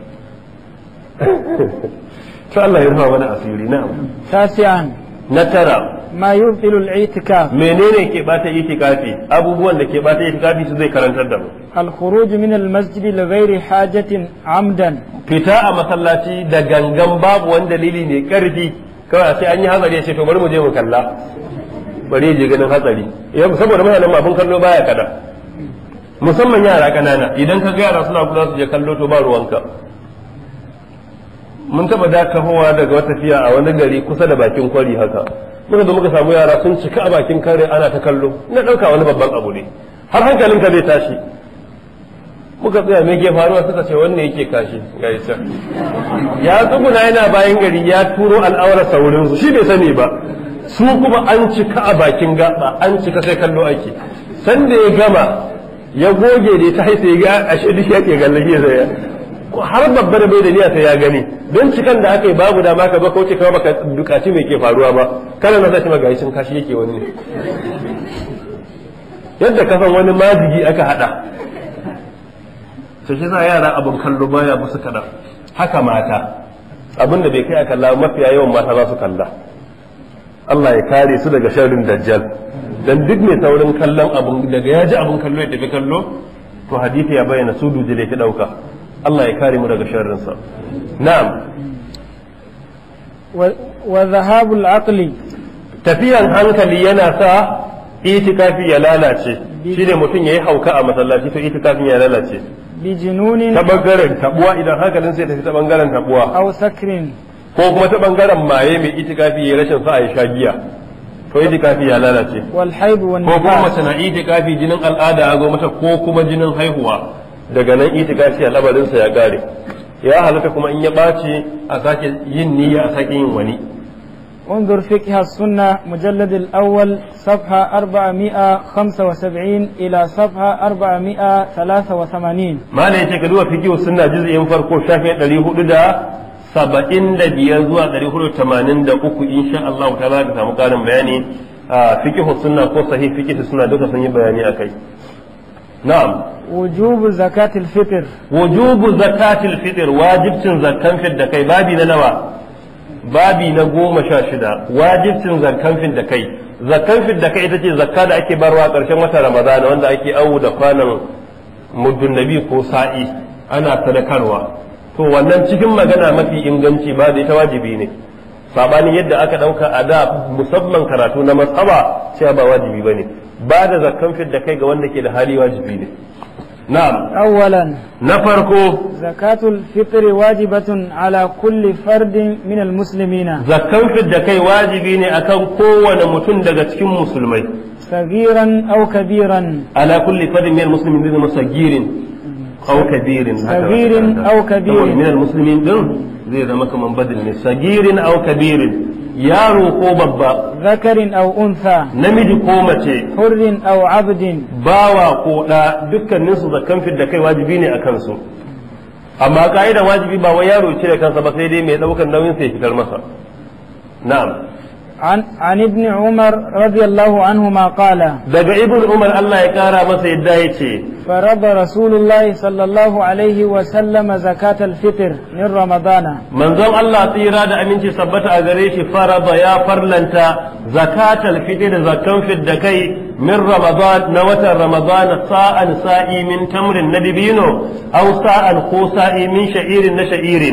to Allah ya rufa wani asiri na. tasiyan na tara ma yubtilu al-i'tikaf menene ke bata itikafi abubuwan da ke bata itikafi su zai karantar da mu al-khuruj min al-masjid li ghairi hajatin amdan fita a masallaci da gangan babu wani dalili ne karfi kawai sai an yi hazari sai to bari mu je mu kalla bari je ganin hatsari saboda muna nan abun kallo baya kada musamman yara kanana idan ka ga yara suna kula su je kallo to ba ruwanka mun taba dakahowa daga wata tafiya a wani gari kusa da bakin kwari haka muka zo muka samu yara sun cika a bakin kare ana ta kallo ina ɗauka wani babban abu ne har hankalin ka zai tashi muka tsaya mai ke faruwa suka ce wanne yake kashi ga can ya tsuguna yana bayan gari ya turo al'aura saurin su shi bai sani ba su kuma an cika a bakin gaba an cika sai kallo ake sanda ya gama ya goge ne ta haifai ya ga ashe duk yake gallaje zai har babba da bai da niyya sai ya gani don cikan da aka yi babu dama ka ba ko ce kawai baka dukaci mai ke faruwa ba kana na sashi magayi sun kashi yake wani ne yadda kasan wani mazigi aka hada sai shi sa yara abin kallo baya musu kada haka mata abin da bai kai a kalla mafiya yawan mata za su kalla Allah ya kare su daga sharrin dajjal dan duk mai saurin kallon abun daga ya ji abun kallo ya tafi kallo to hadisi ya bayyana su duje da ya dauka Allah ya kare mu daga sharrinsa na'am wa zahabul aqli tafiyan hankali yana sa itikafi ya lalace Shi ne mutum ya yi hauka a masallaci to itikafin ya lalace bijinunin ta bangaren tabuwa idan hankalin sai tafi ta bangaren tabuwa aw sakrin ko kuma ta bangaren maye mai itikafi ya rashin sa ya sha giya to itikafi ya lalace wal haibu wan ko kuma mace na itikafi jinin al'ada a zo mata ko kuma jinin haihuwa daga nan itikafi al'amarinsa ya kare ya halatta kuma in ya ɓaci a sake yin niyya a sake yin wani انظر فقه السنة مجلد الأول صفحة 475 إلى صفحة 483 ما ليس كدوا فقه السنة جزء فرقو شافي دليه دا سبعين لبيان زوا دليه تمانين دا أكو إن شاء الله تعالى كتاب قال بياني فقه السنة كو صحيح فقه السنة دوكا سنين بياني أكي na'am wujubu zakatil fitr wujubu zakatil fitr wajibcin zakkan da kai babi na nawa babi na goma sha shida wajibcin zakkan fit da kai zakkan da kai ita ce zakka da ake barwa ƙarshen wata ramadana wanda ake awu da kwanan muddun ko sa'i ana sadakarwa to wannan cikin magana mafi inganci ba da ita wajibi ne sabanin yadda aka ɗauka a da musamman karatu na masaba cewa ba wajibi ba ne ba da zakkan fit da kai ga wanda ke da hali wajibi ne. Na'am. Awwalan. Na farko. Zakatul fitri wajibatun ala kulli fardin min almuslimina. Zakkan fit da kai wajibi ne akan kowane mutum daga cikin musulmai. Sagiran au kabiran. Ala kulli fardin min almuslimin zai sagirin. Au kabirin. Sagirin au kabirin. Sagirin au kabirin. yaro ko babba zakarin aw unsa. namiji ko mace hurrin aw abdin bawa ko da dukkanin su zakkan da kai wajibi ne a kansu amma ka'ida wajibi ba wai yaro ce kansa ba sai dai mai daukan nauyin sai fitar masa na'am عن عن ابن عمر رضي الله عنهما قال دغ ابن عمر الله يكرا مسا يدا يتي فرض رسول الله صلى الله عليه وسلم زكاة الفطر من رمضان من زم الله تيرا دا امينتي ثبت اغريشي فرض يا فرلنتا زكاة الفطر زكاة في الدكاي من رمضان نوة رمضان ساء سائي من تمر ندبينو او ساء خو سائي من شعير نشعير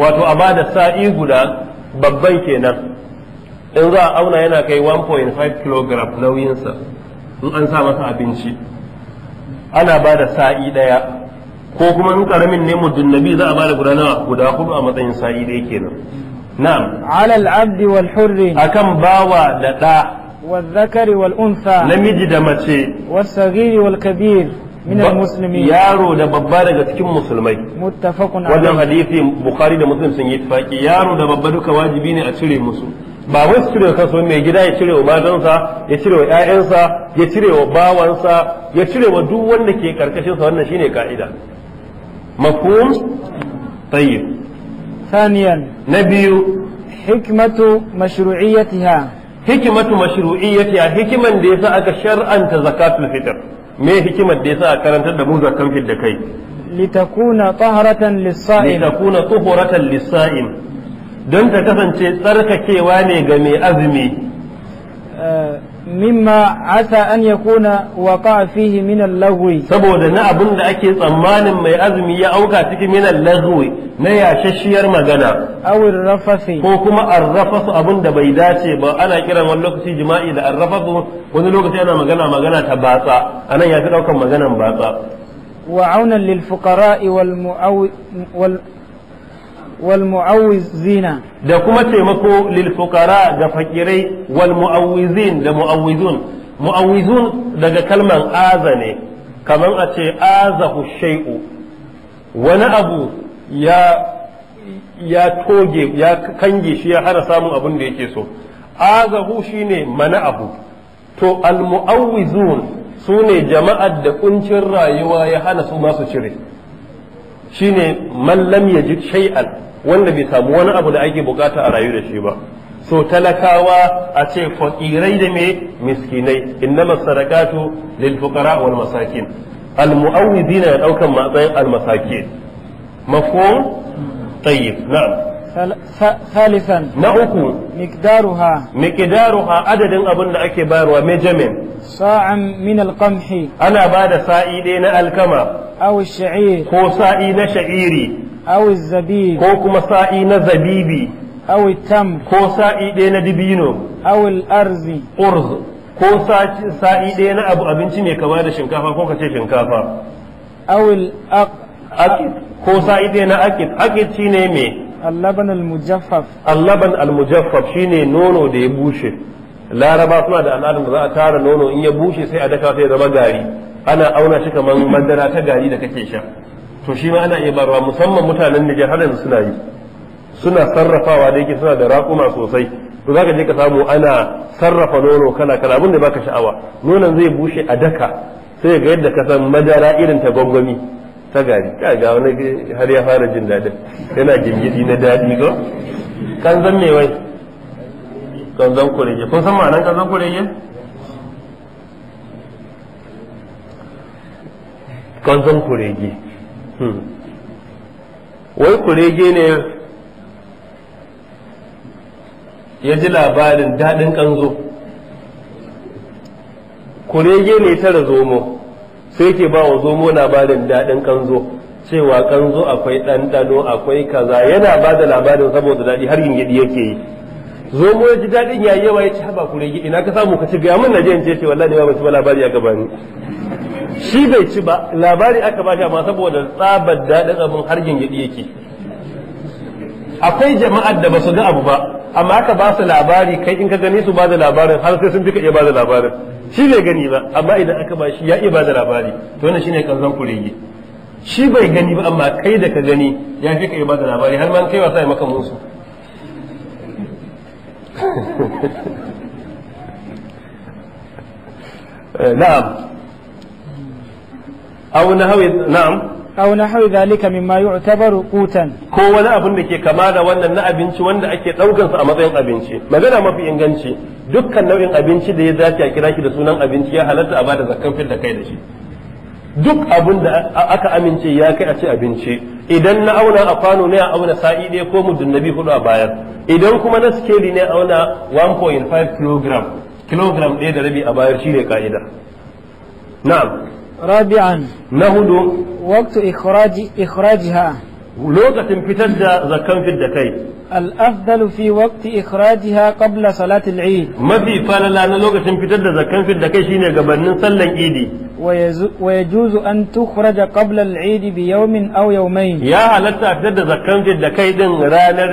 واتو اباد سائي غدا babban kenan in za a auna yana kai 1.5 kg nauyinsa in an sa masa abinci ana ba da sa'i ɗaya ko kuma in karamin ne muddin nabi za a ba da guda nawa guda hudu a matsayin sa'i ɗaya kenan na'am alal abdi wal hurri akan bawa da ɗa والذكر والأنثى نمجي دمتي والصغير والكبير من المسلمين يارو ده بابا daga cikin musulmai muttafaqun wannan hadisi bukhari da muslim sun yi tafaki yaro da babba duka wajibi ne a cire musu ba wai cire wa kaso mai gida ya cire wa matansa ya cire wa ƴaƴansa ya cire wa bawansa ya cire wa duk wanda ke karkashin sa wannan shine ka'ida mafhum tayyib thaniyan nabiyu hikmatu mashru'iyyatiha hikimatu mashru'iyyatiha hikiman da yasa aka shar'anta zakatul fitr me hikimar da yasa aka karantar da mu zakatul fitr da kai litakuna taharatan lis-sa'im litakuna tuhuratan lis-sa'im don ta kasance tsarkakewa ne ga mai azumi eh, mimma asa an yakuna waqa fihi min lagwi saboda na abin da ake tsammanin mai azumi ya auka cikin minan al-lagwi na yashashiyar magana aw rafasi ko kuma an rafasu abin da bai dace ba ana kiran wani lokaci jima'i da an rafasu wani lokaci ana magana magana ta batsa nan ya fi daukan maganan batsa wa aunan lil fuqara wal wal da kuma taimako lil fuqara ga fakirai wal mu'awwizin da mu'awwizun mu'awwizun daga kalman aza ne kaman a ce azahu shay'u wani abu ya ya toge ya kange shi ya hana samun abin da yake so azahu shine mana abu to al mu'awwizun sune jama'ar da kuncin rayuwa ya hana su masu cire shine man lam yajid shay'an wanda bai samu wani abu da ake bukata a rayu da shi ba so talakawa a ce fakirai da me miskinai innama sadaqatu lil fuqara wal masakin al mu'awwidina ya daukan matsayin al masakin mafhum tayyib na'am Thalithan. Na uku. Mikdaruha. Mikdaruha adadin abin da ake bayarwa mejamin. Sa'an min alƙamhi. Ana ba da sa'i ɗaya na alkama. Awu sha'iri. Ko sa'i na sha'iri. Awu zabibi. Ko kuma sa'i na zabibi. Awu tam. Ko sa'i ɗaya na dibino. Awu arzi. Urz. Ko sa'i ɗaya na abu abinci ne ka da shinkafa ko ka shinkafa. Awu al'aq. Ko sa'i ɗaya na akit. Akit ne me. allaban almujaffaf allaban almujaffaf shine nono da ya bushe laraba suna da al'adun da za a tara nono in ya bushe sai a daka sai ya zama gari ana auna shi kamar madara ta gari da kake sha to shi ana iya barwa musamman mutanen Nijar har yanzu suna yi suna sarrafawa da yake suna da raƙuma sosai to zaka je ka samu ana sarrafa nono kala kala abin da baka sha'awa nonon zai bushe a daka sai ga yadda ka san madara irin ta gwangwami ta gari ta ga wani har ya fara jin daɗin yana gingidi na daɗi ko kan zan me wai kan zan kurege kun san ma'anar kan zan kurege kan zan kurege hmm. wai kurege ne ya ji labarin daɗin kanzo kurege ne tara zomo sai yake ba wa zomo labarin daɗin kanzo cewa kanzo akwai ɗanɗano akwai kaza yana ba da labarin saboda daɗi har yin gidi yake yi zomo ya ji daɗin yayi yawa ya ci haba kure gidi na ka samu ka ci gaya mun na je in ce wallahi ba ci ba labari aka bani shi bai ci ba labari aka ba shi amma saboda tsabar daɗin abin har yin gidi yake akwai jama'ar da ba su ga abu ba amma aka ba su labari kai in ka gani su ba da labarin har sai sun fi iya ba da labarin shi bai gani ba amma idan aka ba shi ya iya ba da labari to wannan shine kanzon kurege shi bai gani ba amma kai da ka gani ya fi iya ba da labari har ma kai wasa maka musu eh, na'am aw nahawi na'am aw nahwi zalika mimma yu'tabaru qutan ko wani abin da ke kama da wannan na abinci wanda ake daukan sa a matsayin abinci magana mafi inganci dukkan nau'in abinci da ya zaki a kira shi da sunan abinci ya halatta a bada zakkan fil da kai da shi duk abin da aka amince ya kai a ce abinci idan na auna a kwano ne a auna sa'i ɗaya ko mudunnabi hudu a bayar idan kuma na sikeli ne auna 1.5 kg kilogiram ɗaya da rabi a bayar ne ka'ida na'am رابعا نهدو وقت إخراج إخراجها لوكة فتد زكام في الدكاي الأفضل في وقت إخراجها قبل صلاة العيد ما في فعل لأن لوكة فتد زكام في الدكاي شيني قبل نصلى إيدي ويجوز أن تخرج قبل العيد بيوم أو يومين يا هلتا فتد زكام في الدكاي دن رانر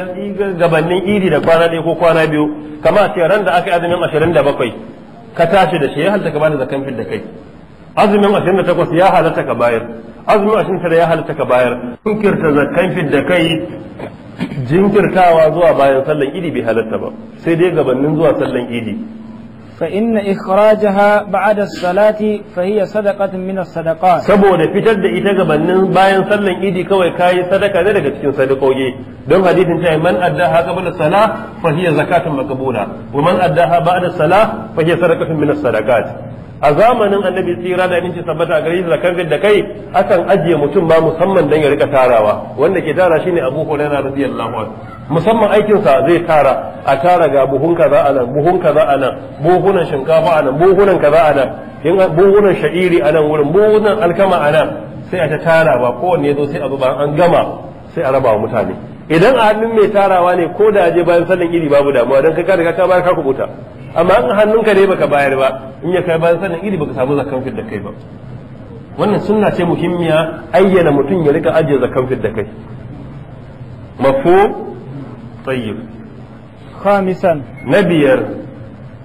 قبل إيدي دقوانا ديكو قوانا بيو كما سيران دا أكي أدنم أشرين دا بقوي ka tashi da shi ya halta ka bada zakan fil da kai azumin takwas ya halatta ka bayar azumin 29 ya halatta ka bayar jinkirta zakkan da kai jinkirtawa zuwa bayan sallan idi bai halatta ba sai dai gabanin zuwa sallan idi fa inna ikhrajaha ba'da salati fa hiya sadaqatun min as-sadaqat saboda fitar da ita gabanin bayan sallan idi kawai kai sadaka ne daga cikin sadakoki don hadisin ta man addaha qabla salah fa hiya zakatun maqbula wa man addaha ba'da salah fa hiya sadaqatun min as-sadaqat a zamanin annabi tsira da aminci sabbata gare da zakar da kai akan ajiye mutum ba musamman dan ya rika tarawa wanda ke tara shine Abu Hurairah radiyallahu anhu musamman aikin sa zai tara a tara ga buhun kaza a nan buhun kaza a nan buhunan shinkafa a nan buhunan kaza a nan buhunan sha'iri a nan wurin buhunan alkama a nan sai a ta tara ba kowanne zo sai a ba an gama sai a raba wa mutane idan a hannun mai tarawa ne ko da je bayan sallan iri babu damuwa dan ka ka riga ka bayar ka kubuta amma in hannunka ne baka bayar ba in ya kai bayan sannan iri baka samu zakan da kai ba wannan sunna ce muhimmiya ayyana mutum ya rika ajiye zakan da kai mafu tayyib khamisan na biyar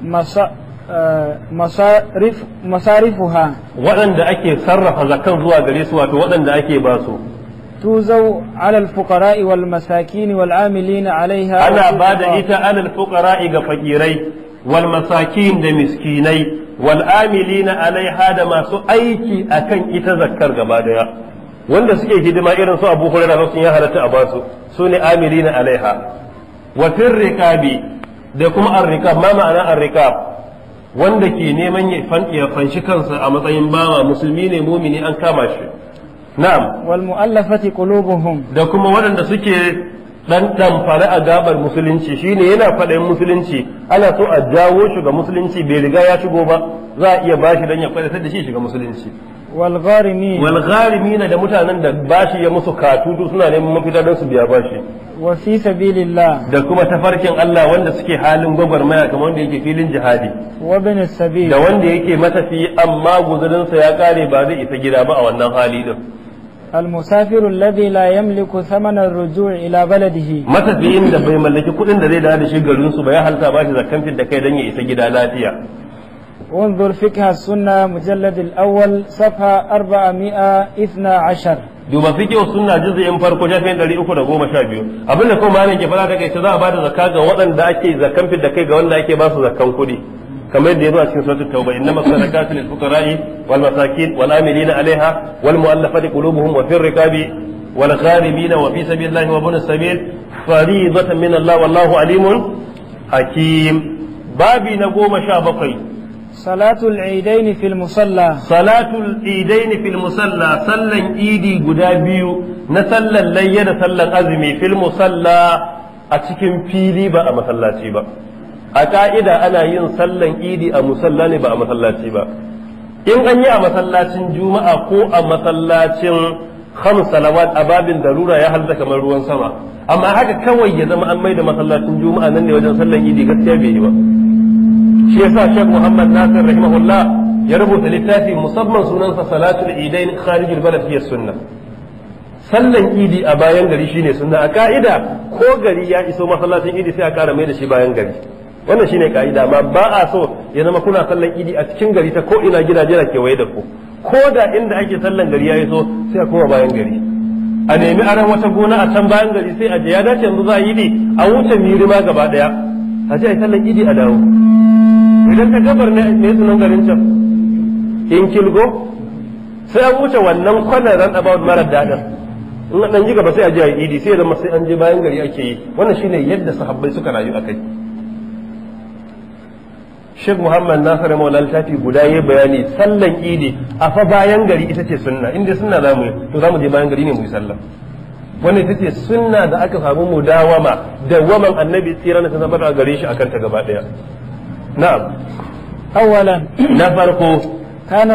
masa eh, masarif masarifuha waɗanda ake sarrafa zakan zuwa gare su wato waɗanda ake ba su تُوزَوْ عَلَى الْفُقَرَاءِ وَالْمَسَاكِينِ وَالْعَامِلِينَ عَلَيْهَا أَنَا بَعْدَ إِتَا عَلَى الْفُقَرَاءِ غَفَقِيرَيْ wal da miskinai wal amilina alaiha da masu aiki akan ita zakkar gaba daya wanda suke hidima irin su Abu Hurairah sun ya halarta a basu su ne amilina alaiha wa rikabi da kuma arrikab ma'ana arrikab wanda ke neman ya kansa a matsayin bawa musulmi ne mumini an kama shi na'am wal mu'allafati qulubuhum da kuma waɗanda suke dan dan fara a gabar musulunci shine yana faɗayin musulunci ana so a jawo shi ga musulunci bai riga ya shigo ba za a iya bashi dan ya faɗa da shi shiga musulunci wal gharimi wal da mutanen da bashi ya musu katutu suna neman mafita dan su biya bashi Wasi sabililla. sabilillah da kuma tafarkin Allah wanda suke halin gwagwarmaya kamar wanda yake filin jihadi wa bin sabil da wanda yake matafi amma guzurinsa ya kare ba zai isa gida ba a wannan hali din المسافر الذي لا يملك ثمن ila الى بلده matafiyin da bai mallaki kuɗin da zai dawo da shi garin su ba ya halta ba shi zakkan fidda kai dan ya isa gida lafiya انظر فقه السنة مجلد الأول صفحة 412 duba fiqh sunna juz'in farko shafin 312 abinda kuma malam ke fara daga ita za a bada zakka ga waɗanda ake zakkan da kai ga wanda ake basu su zakkan kudi kamar yadda ya zo a cikin suratul tauba innama sadaqatu lil fuqara'i wal masakin wal amilina 'alaiha wal mu'allafati qulubuhum wa fir riqabi wal gharimina wa fi sabilillahi wa ibn sabil fariidatan min Allah wallahu alimun hakim babi na goma sha bakwai salatul idain fil musalla salatul idain sallan idi guda biyu na sallan layya da sallan azumi fil a cikin fili ba a masallaci ba a ka'ida ana yin sallan idi a musalla ne ba a masallaci ba in an yi a masallacin juma'a ko a masallacin kham salawat a babin darura ya halda kamar ruwan sama amma haka kawai ya zama an mai da masallacin juma'a nan ne wajen sallan idi gaskiya bai yi ba shi yasa Sheikh Muhammad Nasir rahimahullah ya rubuta littafi musamman sunansa salatul idain kharijul balad fi sunnah sallan idi a bayan gari shine sunna a ka'ida ko gari ya iso masallacin idi sai a kara mai da shi bayan gari wannan shine ka'ida ma ba a so ya zama kuna sallan idi a cikin gari ta ko ina gidaje da kewaye da ku ko da inda ake sallan gari yayi so sai a koma bayan gari a nemi aran wata gona a can bayan gari sai a je ya dace yanzu za a yi idi a wuce miri ma gaba daya a ce a sallan idi a dawo idan ka gabar ne ne sunan garin can in kilgo sai an wuce wannan kwanan ran about marar dadar in an ji gaba sai a je a yi idi sai ya zama sai an je bayan gari ake yi wannan shine yadda sahabbai suka rayu kai. Sheikh Muhammad Nasir Maulal Shafi guda yayi bayani sallan Idi a fa bayan gari ita ce sunna in dai sunna zamu yi to zamu je bayan gari ne mu yi sallah wannan ita ce sunna da aka samu mu dawama da waman annabi tsira na zama da gare shi akan ta gaba daya na'am awalan na farko Kana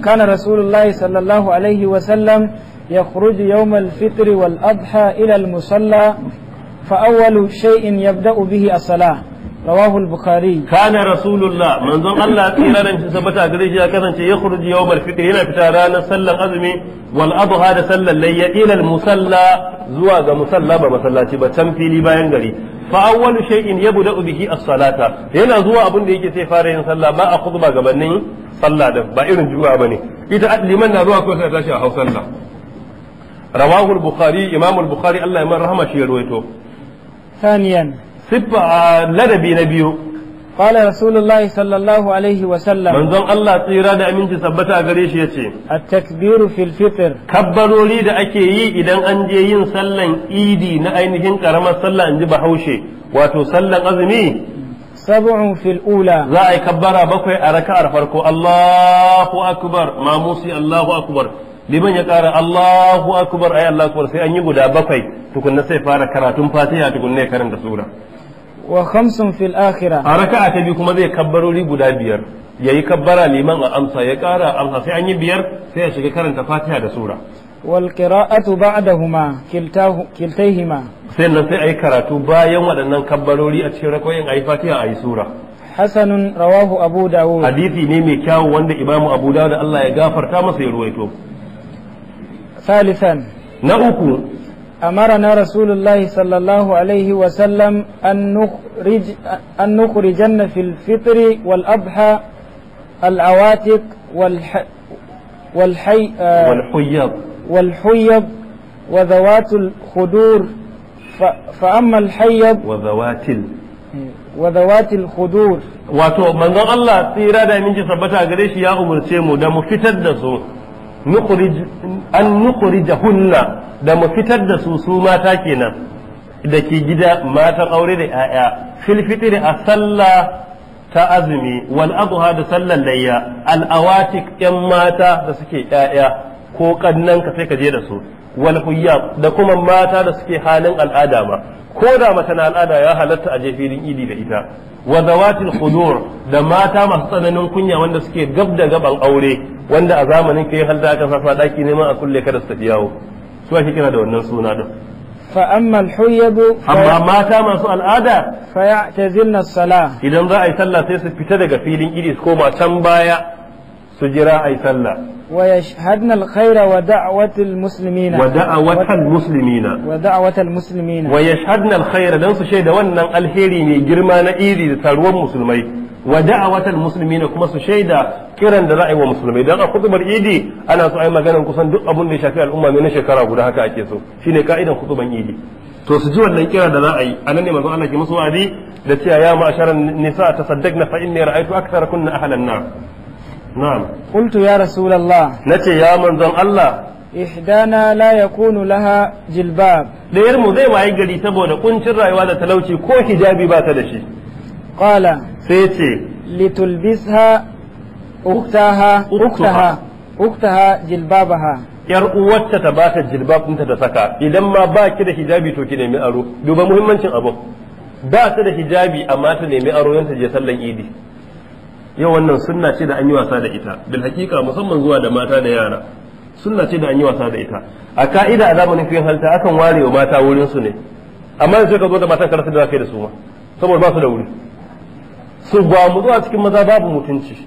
كان Sallallahu Alaihi رسول الله صلى yawmal عليه وسلم يخرج يوم الفطر والأضحى إلى المصلى فأول شيء bihi به الصلاة رواه البخاري كان رسول الله من ظن الله تعالى ان ثبت غريش يا كسانتي يخرج يوم الفطر هنا فتا رانا صلى ازمي والاضحى da sallar layya ila musalla zuwa ga musalla ba masallaci fili bayan gari fa awwalu shay'in yabda bihi as yana zuwa abin yake sai fara yin sallah ba a irin juma'a bane ita liman na zuwa ko sai tashi a hausalla rawahu al-bukhari imam al-bukhari Allah ya ya ثانيا siffa ladabi na biyu قال رسول الله صلى الله عليه وسلم من زن الله تيرا دا امين تثبتا غريش يتي التكبير في الفطر da ake yi idan an je yin sallan idi na ainihin karamar sallah ji bahaushe wato sallan azumi sab'un filula. za a yi kabbara bakwai a raka'ar farko Allahu akbar mamusi Allahu akbar liman ya ƙara Allahu akbar ay Allahu akbar sai an yi guda bakwai tukunna sai fara karatun Fatiha tukunna ya karanta sura wa khamsun fil akhirah a raka'a ta biyu kuma zai kabbarori guda biyar yayi kabbara liman a amsa ya ƙara amsa sai an yi biyar sai ya shiga karanta Fatiha da sura wal qira'atu ba'dahuma kiltahu sai nan sai ayi karatu bayan waɗannan kabbarori a cikin rakoyin ayi Fatiha ayi sura hasanun rawahu abu dawud hadisi ne mai kyawu wanda imamu abu dawud Allah ya gafarta masa ya ruwaito ثالثا نأكو أمرنا رسول الله صلى الله عليه وسلم أن نخرج أن نخرجن في الفطر والأضحى العواتق والح والحي آه، والحيض والحيض وذوات الخدور فأما الحيض وذوات ال وذوات الخدور wato manzon Allah tsira من minci sabbata gare يا أمر سيمو mu da mu fitar an nukhrijahunna da mu fitar da su su mata kenan da ke gida matan aure da 'ya'ya filfitir a sallah ta azumi wal adha da sallan layya al yan mata da suke 'ya'ya ko kannanka sai ka je da su wal da kuma mata da suke halin al'ada ma ko da mace na al'ada ya halatta a je filin idi da ita wa zawatil khudur da mata masu tsananin kunya wanda suke gab da gaban aure wanda a zamanin kai har da aka safa daki neman a kulle kada su tafi yawo su ake kira da wannan suna din فأما الحيض أما ما تام سؤال هذا فيعتزلن الصلاة إذا رأي صلى تيس في تدق في لين إيدي سكوما baya. su jira ai sallah wa yashhadna alkhaira wa da'watil muslimina wa da'watal muslimina wa da'watal muslimina wa yashhadna alkhaira dan su shaida wannan alheri ne girma na idi da taruwan musulmai wa da'watal muslimina kuma su shaida kiran da za a wa musulmai dan a kutubar idi ana so ai maganar kusan duk abun da ya shafi al'umma na shekara guda haka ake so shine ka'idan kutuban idi to su ji wannan kira da za a yi anan ne manzon Allah ke musu wa'azi da cewa ya ma'asharan nisa tasaddaqna fa inni ra'aytu aktharakunna na na'am qultu ya rasulullah nace ya manzon Allah ihdana la yakunu laha jilbab dayar mu zai wayi gari saboda ƙuncin rayuwa da talauci ko hijabi ba ta da shi qala sai ce litulbisha uktaha jilbabaha yar uwarta ta bata jilbab ɗinta ta saka idan ma ba ki da hijabi to ki nemi aro duba muhimmancin abu ba ta da hijabi amma ta nemi aro don ta je sallan idi yau wannan sunna ce da an yi wasa da ita bil hakika musamman zuwa da mata da yara sunna ce da an yi wasa da ita a ka'ida a zamanin fiye halta akan ware wa mata wurin su ne amma yanzu ka zo da matan karatu da kai da su ma saboda ba su da wuri su mu zuwa cikin maza babu mutunci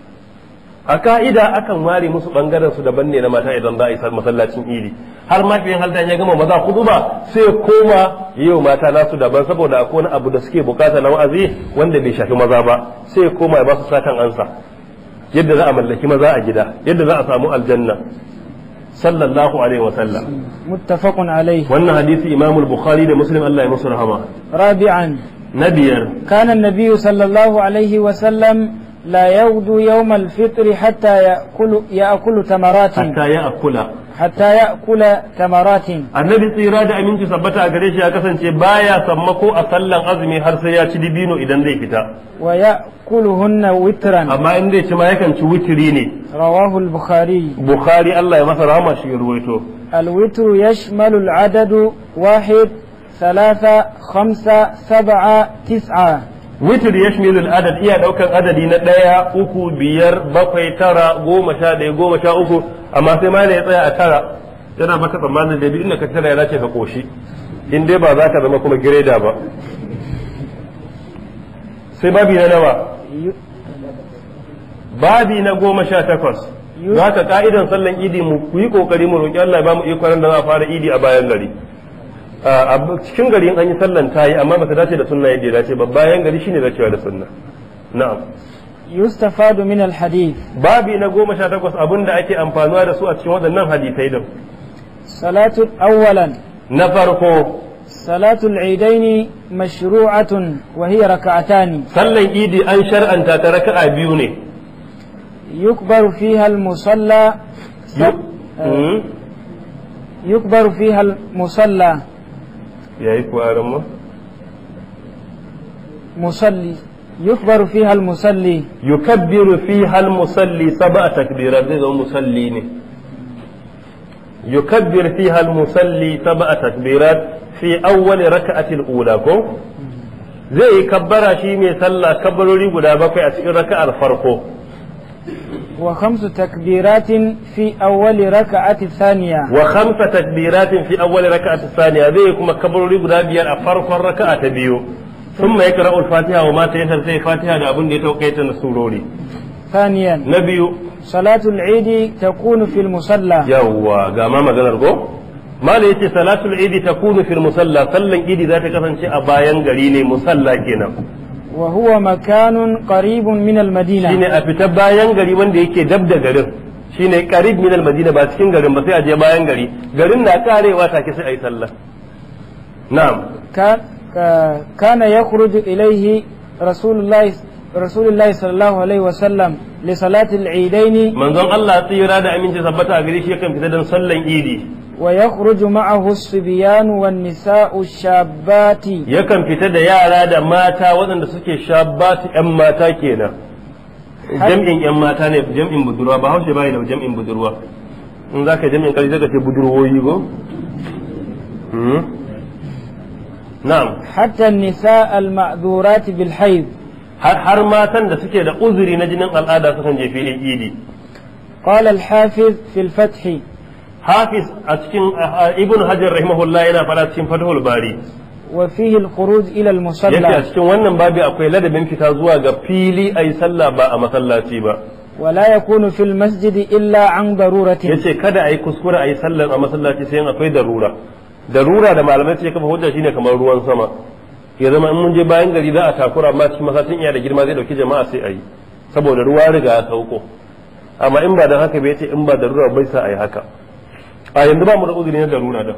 a ka'ida akan ware musu bangaren su daban ne na mata idan za a yi masallacin idi har ma fiye halta ya gama maza kudu ba sai koma yau mata nasu daban saboda akwai wani abu da suke bukata na wa'azi wanda bai shafi maza ba sai koma ya ba su satan ansa yadda za a mallaki maza a gida yadda za a samu aljanna sallallahu alaihi wa sallam muttafaqun alaihi wannan hadisi imam al-bukhari da muslim Allah ya musu rahama rabi'an nabiyar kana an-nabiyyu sallallahu alaihi wa sallam لا يغدو يوم الفطر حتى يأكل يأكل تمرات حتى يأكل حتى يأكل تمرات النبي tsira da aminci sabbata a gare kasance baya sammako a sallar azumi har sai ya ci dibino idan zai fita wa ya'kuluhunna witran amma in zai ci ma yakan ci witri ne rawahul bukhari bukhari Allah ya masa rahama shi ruwaito al-witru yashmalu al-adadu wahid ثلاثة خمسة سبعة تسعة witr yashmilul adad iya daukan adadi na ɗaya uku biyar bakwai tara goma sha ɗaya goma sha uku amma sai ma ya tsaya a tara yana maka tsammanin da inda ka tara ya dace ka koshi in dai ba za ka zama kuma gireda ba sai babi na nawa babi na goma sha takwas za ka ka'idan sallan idi mu ku yi kokari mu roƙi Allah ba mu iya kwanan da za a fara idi a bayan gari A cikin gari an yi sallan ta yi amma ba ta dace da sunna yadda ya dace ba bayan gari shine dacewa da sunna na'am yustafadu min alhadith babi na goma sha takwas abinda ake amfanuwa da su a cikin waɗannan hadisai din salatu awwalan na farko salatu al-eidain mashru'atun wa hiya rak'atani sallan idi an shar'anta ta raka'a biyu ne yukbar fiha al-musalla hmm? yukbar fiha al-musalla يايكو ارمو مصلي يكبر فيها المصلي يكبر فيها المصلي سبع تكبيرات ذو مصلين يكبر فيها المصلي سبع تكبيرات في اول ركعه الاولى كو زي كبر شي مي صلى كبروري غدا بكاي ركعه الفرقو وخمس تكبيرات في أول ركعة الثانية وخمس تكبيرات في أول ركعة الثانية ذي كما كبروا لي قدابيا أفرق الركعة بيو ثم يقرأ الفاتحة وما تيسر سي فاتحة لأبن دي توقيت السوروري ثانيا نبي صلاة العيد تكون في المصلى يوا قاما ما قال ما ليتي صلاة العيد تكون في المصلى صلى العيد ذات كفن شيء أبايا قريني مصلى كنا wa huwa karibin qaribun min al-madina a fita bayan gari wanda yake dab da garin shine qarib min al-madina ba cikin garin ba sai a je bayan gari garin na karewa take sai ayi sallah na'am kana yakhruju ilayhi rasulullahi rasulullahi sallallahu alaihi wa sallam li salati al ne. manzon Allah tsira da aminci sabbata a yakan fita don sallan idi ويخرج معه الصبيان والنساء الشابات يكن في تدا يارا دا ماتا ودن سكي شابات ام ماتا كينا جمع ام ماتا ne jam'in budurwa ba haushe bai da jam'in budurwa in zaka jam'in kai zaka ce budurwoyi go hmm? na'am al har har matan da suke da uzuri na jinin al'ada sukan je filin idi qala al-hafiz fil fath hafiz a cikin ibn hajar rahimahullah yana fara cikin fatahul bari wa fihi al-khuruj ila al-musalla a cikin wannan babi akwai ladabin fita zuwa ga fili ayi sallah ba a masallaci ba wala yakunu fil masjidi illa an darurati yace kada ayi kuskure ayi sallar a masallaci sai akwai darura darura da malamai sai kafa hujja shine kamar ruwan sama ya zama in mun je bayan gari za a takura amma cikin masallacin iya da girma zai dauki jama'a sai ayi saboda ruwa riga ya sauko amma in ba dan haka bai ce in ba darura bai sa ayi haka a yanzu ba mu da uzuri na larura da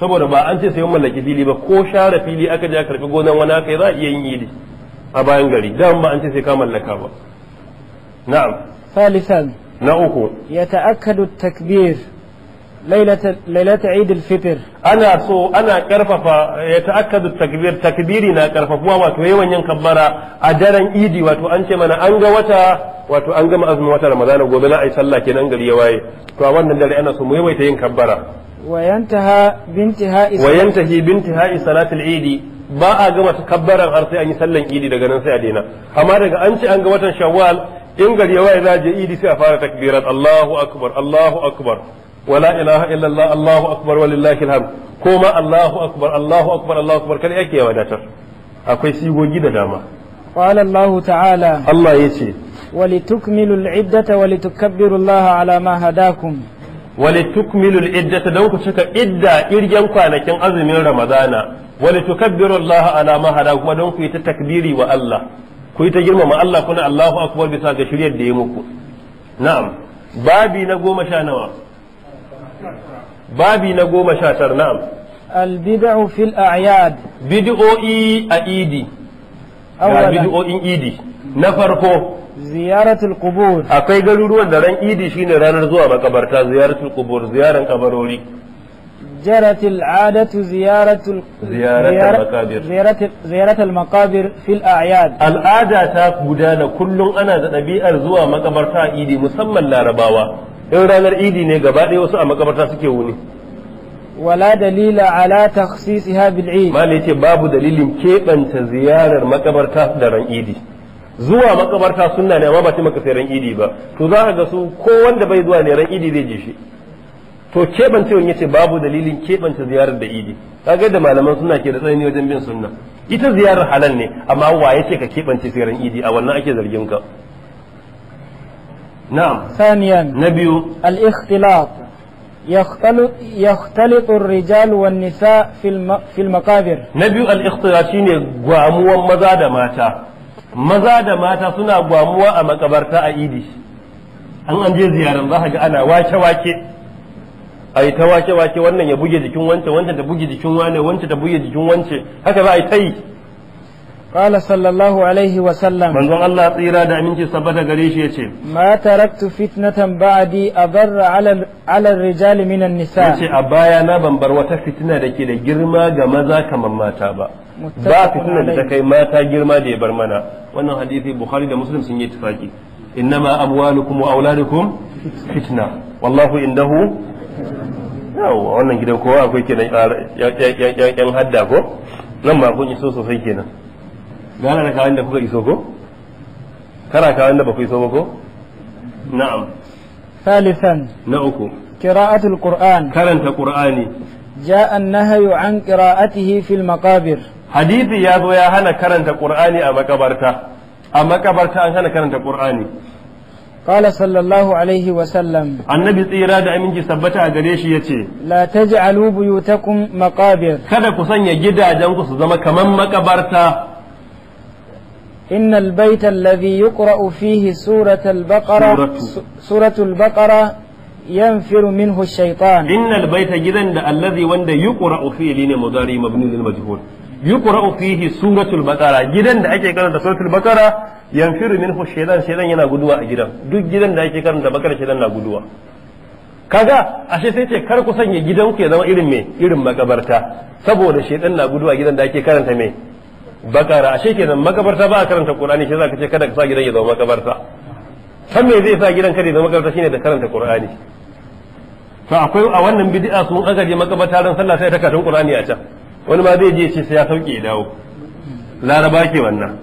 saboda ba an ce sai mun mallaki fili ba ko share fili aka je a karbi gonan wani aka za a iya yin yili a bayan gari da ba an ce sai ka mallaka ba na'am salisan na uku ya ta'akkadu takbir lailata idil fitr ana so ana karfafa ya eh, ta'akkadu takbiri na karfafuwa wato yawan yin kabbara a daren idi wato an ce mana an ga wata wato an gama azumin wata ramadana gobe na ai kenan gari to a wannan dare ana so mu yawaita yin kabbara wayantaha bintiha wayantahi bintiha salatul idi ba a gama kabbaran har sai an yi sallan idi daga nan sai a daina amma daga an ce an ga watan shawwal in gari ya waye za je idi sai a fara takbirat Allahu akbar Allahu akbar wala ilaha illallah Allahu akbar walillahi alhamd ko ma Allahu akbar Allahu akbar Allahu akbar kada yake wadatar akwai sigogi da dama qala Allah ta'ala Allah yace walitukmilu al-iddata walitukabbiru Allah ala ma hadakum walitukmilu al-iddata da ku cika idda irgen kwanakin azumin ramadana walitukabbiru Allah ala ma hadakum don ku yi ta takbiri wa Allah ku yi ta girmama Allah kuna Allahu akbar bisa ga shiryar da ya muku na'am babi na goma sha nawa babi na goma sha tar na'am albid'u fil a'yad bid'o'i a idi ga bid'o'in idi na farko ziyaratul qubur akwai garuruwan da ran idi shine ranar zuwa makabarta ziyaratul qubur ziyaran kabarori جرت العادة زيارة ال... زيارة, زيارة المقابر زيارة, زيارة المقابر في الأعياد العادة تاك كل أنا ذا أرزوا مقبرتا إيدي مسمى لا رباوة in ranar idi ne gaba ɗaya wasu a makabarta suke wuni wala dalila ala ha bil eid mal ce babu dalilin keɓanta ziyarar makabarta da ran idi zuwa makabarta sunna ne amma ba ta maka sai ran idi ba to za ka ga su ko wanda bai zuwa ne ran idi zai je shi to keɓancewan yace babu dalilin keɓanta ziyarar da idi kaga da malaman suna ke da tsanani wajen bin sunna ita ziyarar halal ne amma wa yace ka keɓance sai ran idi a wannan ake zargin ka نعم ثانيا نبي الاختلاط يختلط, يختلط الرجال والنساء في, الم في المقابر نبي الاختلاط شيني غاموا مزا ماتا مزا ماتا سنا a makabarta a idi an an je ziyaran ga ana wace ta wake-wake wannan ya buge jikin wancan wancan ta buge jikin wane wancan ta buge jikin wance haka za a yi ta yi قال صلى الله عليه وسلم من ظن الله تيرا دا منك سبت غريش يتي ما تركت فتنة بعدي أضر على على الرجال من النساء يتي أبايا نا بنبر وتا فتنة دكي دا جرما ga maza kaman mata ba ba fitnar da ta kai mata girma da ya bar mana wannan hadisi bukhari da muslim sun yi ittifaki innama amwalukum wa fitna wallahu wannan gidan kowa akwai kenan yan hadda ko nan ma kun iso sosai kenan gara da kawai da kuka iso ko kara kawai da baku iso ba ko na'am salisan na uku qira'atul qur'an karanta qur'ani جاء النهي عن قراءته في المقابر حديث ya zo ya hana karanta قراني a قبرتا A قبرتا an hana karanta قراني قال صلى الله عليه وسلم النبي tsira da aminci sabbata a gare shi yace la ta kun maƙabir? kada ku sanya gidajenku su zama kaman makabarta إن البيت الذي يقرأ فيه سورة البقرة سورة, سورة البقرة ينفر منه الشيطان إن البيت جدا الذي وند يقرأ فيه لين مضاري مبني للمجهول يقرأ فيه سورة البقرة جدا أجي كانت سورة البقرة ينفر منه الشيطان شيطان ينا قدوة أجدا دو جدا أجي كانت بقرة شيطان قدوة kaga ashe sai ce kar ku sanya gidanku ya zama irin me irin makabarta saboda shedan na guduwa gidan da ake karanta me bakara ashe kenan makabarta ba a karanta qur'ani shi zaka ce kada ka sa gidan ya zama makabarta san me zai sa gidan ka ya zama makabarta shine da karanta qur'ani to akwai a wannan bid'a sun aka je makabarta ran sallah sai ta karanta qur'ani a can wani ma zai je ce sai ya sauke ya dawo laraba ke wannan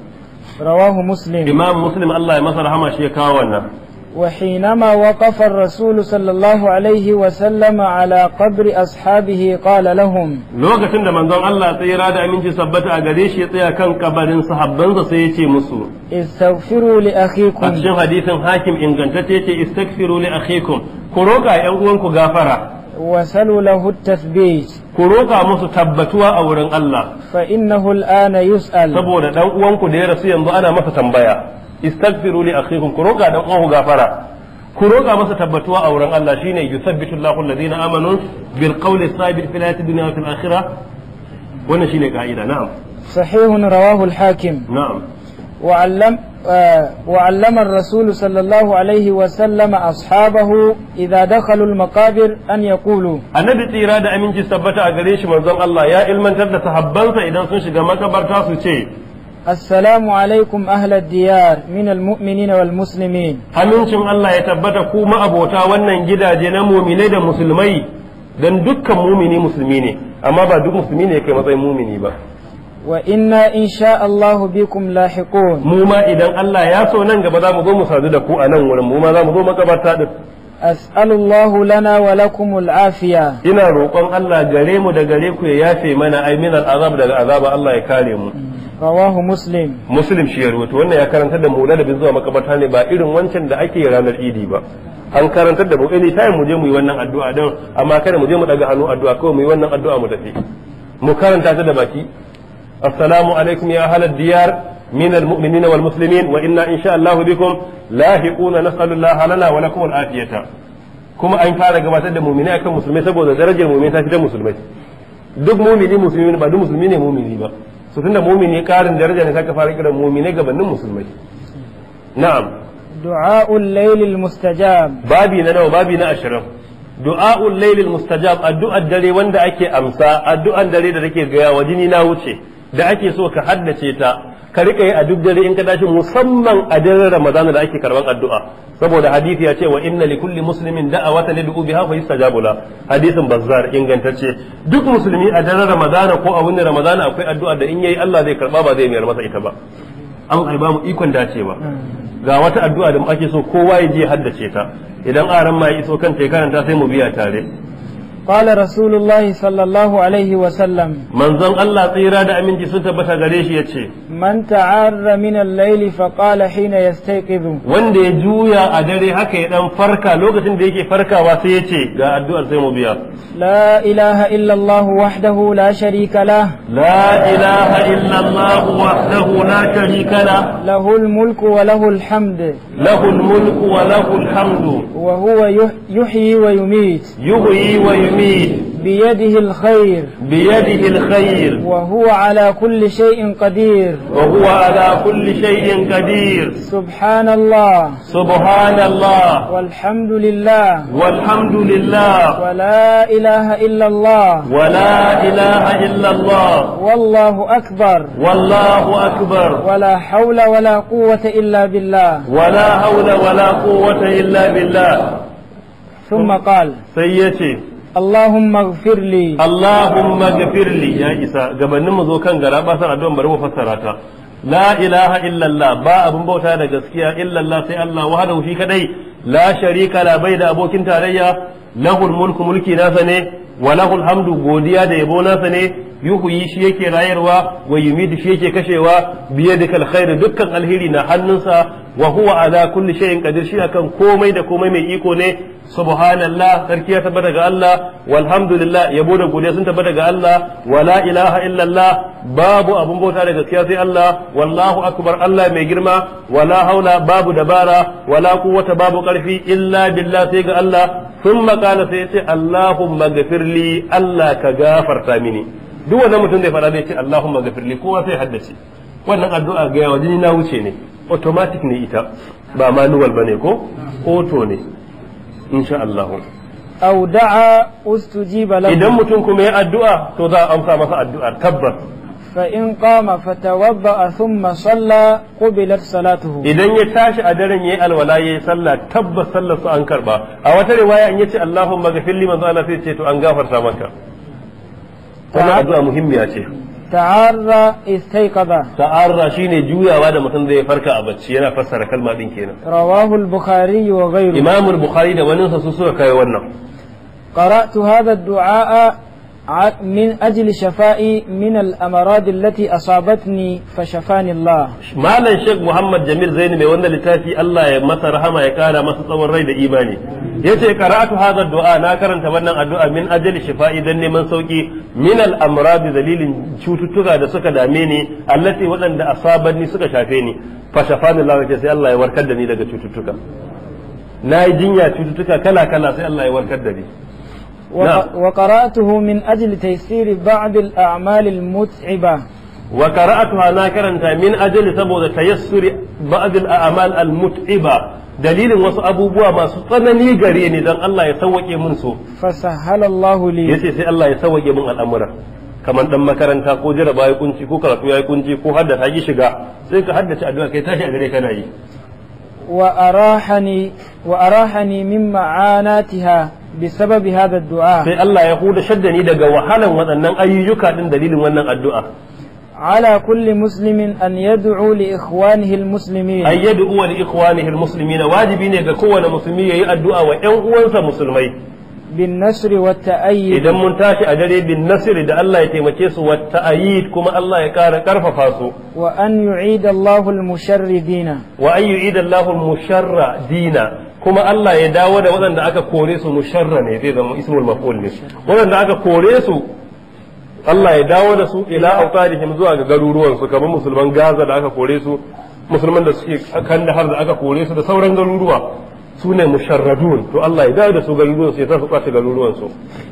rawahu muslim imam muslim Allah ya masa rahama shi ya kawo wannan وحينما وقف الرسول صلى الله عليه وسلم على قبر أصحابه قال لهم لوقت عند من ظن الله تيرا دا من جسبت أغريش يطيا كان قبر صحبان سيتي مسو استغفروا لأخيكم أتشن حديث حاكم إن كنت استغفروا لأخيكم كروكا ينقوانكو غافرة وسلوا له التثبيت ku roƙa musu tabbatuwa a wurin Allah fa innahu al'ana yus'al saboda dan uwanku da ya rasu yanzu ana masa tambaya istaghfiru li akhikum ku roƙa dan uwanku gafara ku roƙa masa tabbatuwa a wurin Allah shine yusabbitu Allahu alladhina amanu bil qawli sabit fil hayati dunya fil akhirah wannan shine ka'ida na'am sahih rawahu al hakim na'am wa allam وعلم الرسول صلى الله عليه وسلم أصحابه إذا دخلوا المقابر أن يقولوا النبي تيرا دا أمين جي سبتا أغريش منظم الله يا إلمان تبدا صحبانسا إذا سنشي غمكا برتاسو السلام عليكم أهل الديار من المؤمنين والمسلمين أمنكم الله يتبت كوما أبوتا وانا جدا جنا مؤمنين مسلمي دن دك مؤمني مسلمين أما با دك مسلمين كما طيب مؤمني با وإنا إن شاء الله بكم لاحقون موما إذا الله ياسو ننجا بدا مضو مساددكو أنا ولموما لا مضو مكبتا as'alullahu lana wa lakum al'afiya ina roƙon Allah gare mu da gare ku ya yafe mana ai min azab daga azaba Allah ya kare mu rawahu muslim muslim shi ya rubuta wannan ya karanta da mu bin zuwa makabarta ne ba irin wancan da ake ranar idi ba an karanta da mu any eh, time mu je mu yi wannan addu'a don amma kada mu je mu daga hannu addu'a kawai mu yi wannan addu'a mu tafi mu karanta ta da baki assalamu alaikum ya halal diyar من المؤمنين والمسلمين وإنا إن شاء الله بكم لاحقون نسأل الله لنا ولكم العافية كما أن akan musulmai المؤمنين darajar سبوا درجة المؤمنين تجد مسلمين duk mumini musulmi ba duk musulmi ne mumini ba su tunda mumini karin daraja ne saka fara kiran mumini gabanin musulmai na'am du'a'ul laylil mustajab babi na nawa babi na ashirin du'a'ul laylil mustajab addu'ar dare wanda ake amsa addu'ar dare da take gaya wa jini na wuce da ake so ka haddace ta ka rika yi a duk dare in ka tashi musamman a daren ramadana da ake karban addu'a saboda hadisi ya ce wa inna li kulli muslimin da'awatan yad'u biha fa yastajabu la hadisin bazzar ingantacce duk musulmi a daren ramadana ko a wani ramadana akwai addu'a da in yayi Allah zai karba ba zai mayar masa ita ba an ai ba mu ikon dacewa ga wata addu'a da ake so kowa ya je haddace ta idan aran ma ya iso kanta ya karanta sai mu biya tare قال رسول الله صلى الله عليه وسلم من زن الله طيرا دا أمين جسون تبتا غريش يتشي من تعار من الليل فقال حين يستيقظ وان دي جويا أدري هكي دان فركا لوكسن ديكي فركا واسيتشي غا أدو أرسيمو بيا لا إله إلا الله وحده لا شريك له لا إله إلا الله وحده لا شريك له له الملك وله الحمد له الملك وله الحمد وهو يحيي ويميت يحيي ويميت آمين بيده الخير بيده الخير وهو على كل شيء قدير وهو على كل شيء قدير سبحان الله سبحان الله والحمد لله والحمد لله ولا إله إلا الله ولا إله إلا الله والله أكبر والله أكبر ولا حول ولا قوة إلا بالله ولا حول ولا قوة إلا بالله ثم قال سيتي Allahumma ighfir Allahumma ighfir ya isa gabanin mu zo kan gara ba san addu'an bari mu fassara ta illallah ba abun bauta da gaskiya illallah sai Allah wahdahu shi kaɗai. la sharika la da abokin tarayya lahul mulku mulki nasa ne wa lahul hamdu godiya da yabo nasa ne yuhuyi shi yake rayarwa wa yumidu shi yake kashewa da khair dukkan alheri na hannunsa wa huwa ala kulli shay'in qadir shi akan komai da komai mai iko ne subhanallah sarki ya tabbata ga Allah walhamdulillah yabo da godiya sun tabbata ga Allah wala ilaha illallah babu abun bauta da gaskiya sai Allah wallahu akbar Allah mai girma wala haula babu dabara wala quwwata babu karfi illa billah sai ga Allah thumma qala sai ya ce allahumma ghafirli Allah ka gafarta mini duk wannan mutum zai fara zai ce Allahumma gafirli kowa sai haddace wannan addu'a ga yawa jini na wuce ne automatic ne ita ba manual ne ko auto ne insha Allah au ustu ustujiba lahu idan mutum kuma ya addu'a to za a amsa masa addu'a tabbas fa in qama fatawadda thumma salla qubilat salatuhu idan ya tashi a daren ya yi alwala yayi salla tabbas sallar su an karba a wata riwaya an yace Allahumma gafirli manzo Allah sai ce to an gafarta maka wannan addu'a muhimmiya ce ta'arra istaiqadha ta'arra shine juyawa da mutum zai farka a bacci yana fassara kalma din kenan rawahu al-bukhari wa ghayruhu imam al-bukhari da wani su suka kai wannan qara'tu hadha ad-du'a من أجل شفائي من الأمراض التي أصابتني فشفاني الله مالا شيخ محمد جميل زين مي وانا لتافي الله يمسى رحمه يكارا مسى صور ريد إيماني yace karatu haza du'a na karanta wannan addu'a min ajali shifa'i dan neman sauki min al-amrad dalilin cututtuka da suka dame ni allati waɗanda asabanni suka shafe ni fa shafani Allah sai Allah ya daga cututtuka na yi jinya cututtuka kala kala sai Allah ya warkar وقرأته من أجل تيسير بعض الأعمال المتعبة وقرأتها ناكرا من أجل سبو تيسير بعض الأعمال المتعبة دليل وصو أبو بوا ما سطنني قريني دان الله يسوك منسو فسهل الله لي يسي الله يسوك من الأمر kamar dan makaranta ko jaraba ya kunci ko karatu ya kunci ko haddasa ya shiga sai ka haddace addu'a kai tashi a gare kana yi وأراحني وأراحني من معاناتها بسبب هذا الدعاء في الله يقول شدني دقا وحالا وأن أيك دليل وأن الدعاء على كل مسلم أن يدعو لإخوانه المسلمين أن يدعو لإخوانه المسلمين واجبين يقول مسلمين يدعو وإن مسلمين bin nasri wa ta'ayyid idan mun tashi a dare bin nasri da Allah ya taimake su wa ta'ayyid kuma Allah ya ƙara ƙarfafa su wa an yu'ida Allahu al-musharridina wa an yu'ida Allahu al-musharradina kuma Allah ya dawo da waɗanda aka kore su musharra ne zai zama ismul maf'ul ne waɗanda aka kore su Allah ya dawo da su ila autarihim zuwa ga garuruwan su kamar musulman Gaza da aka kore su musulman da suke har da aka kore su da sauran garuruwa su ne musharradun to Allah ya dawo da su garuruwan su ya sa su kwace garuruwan su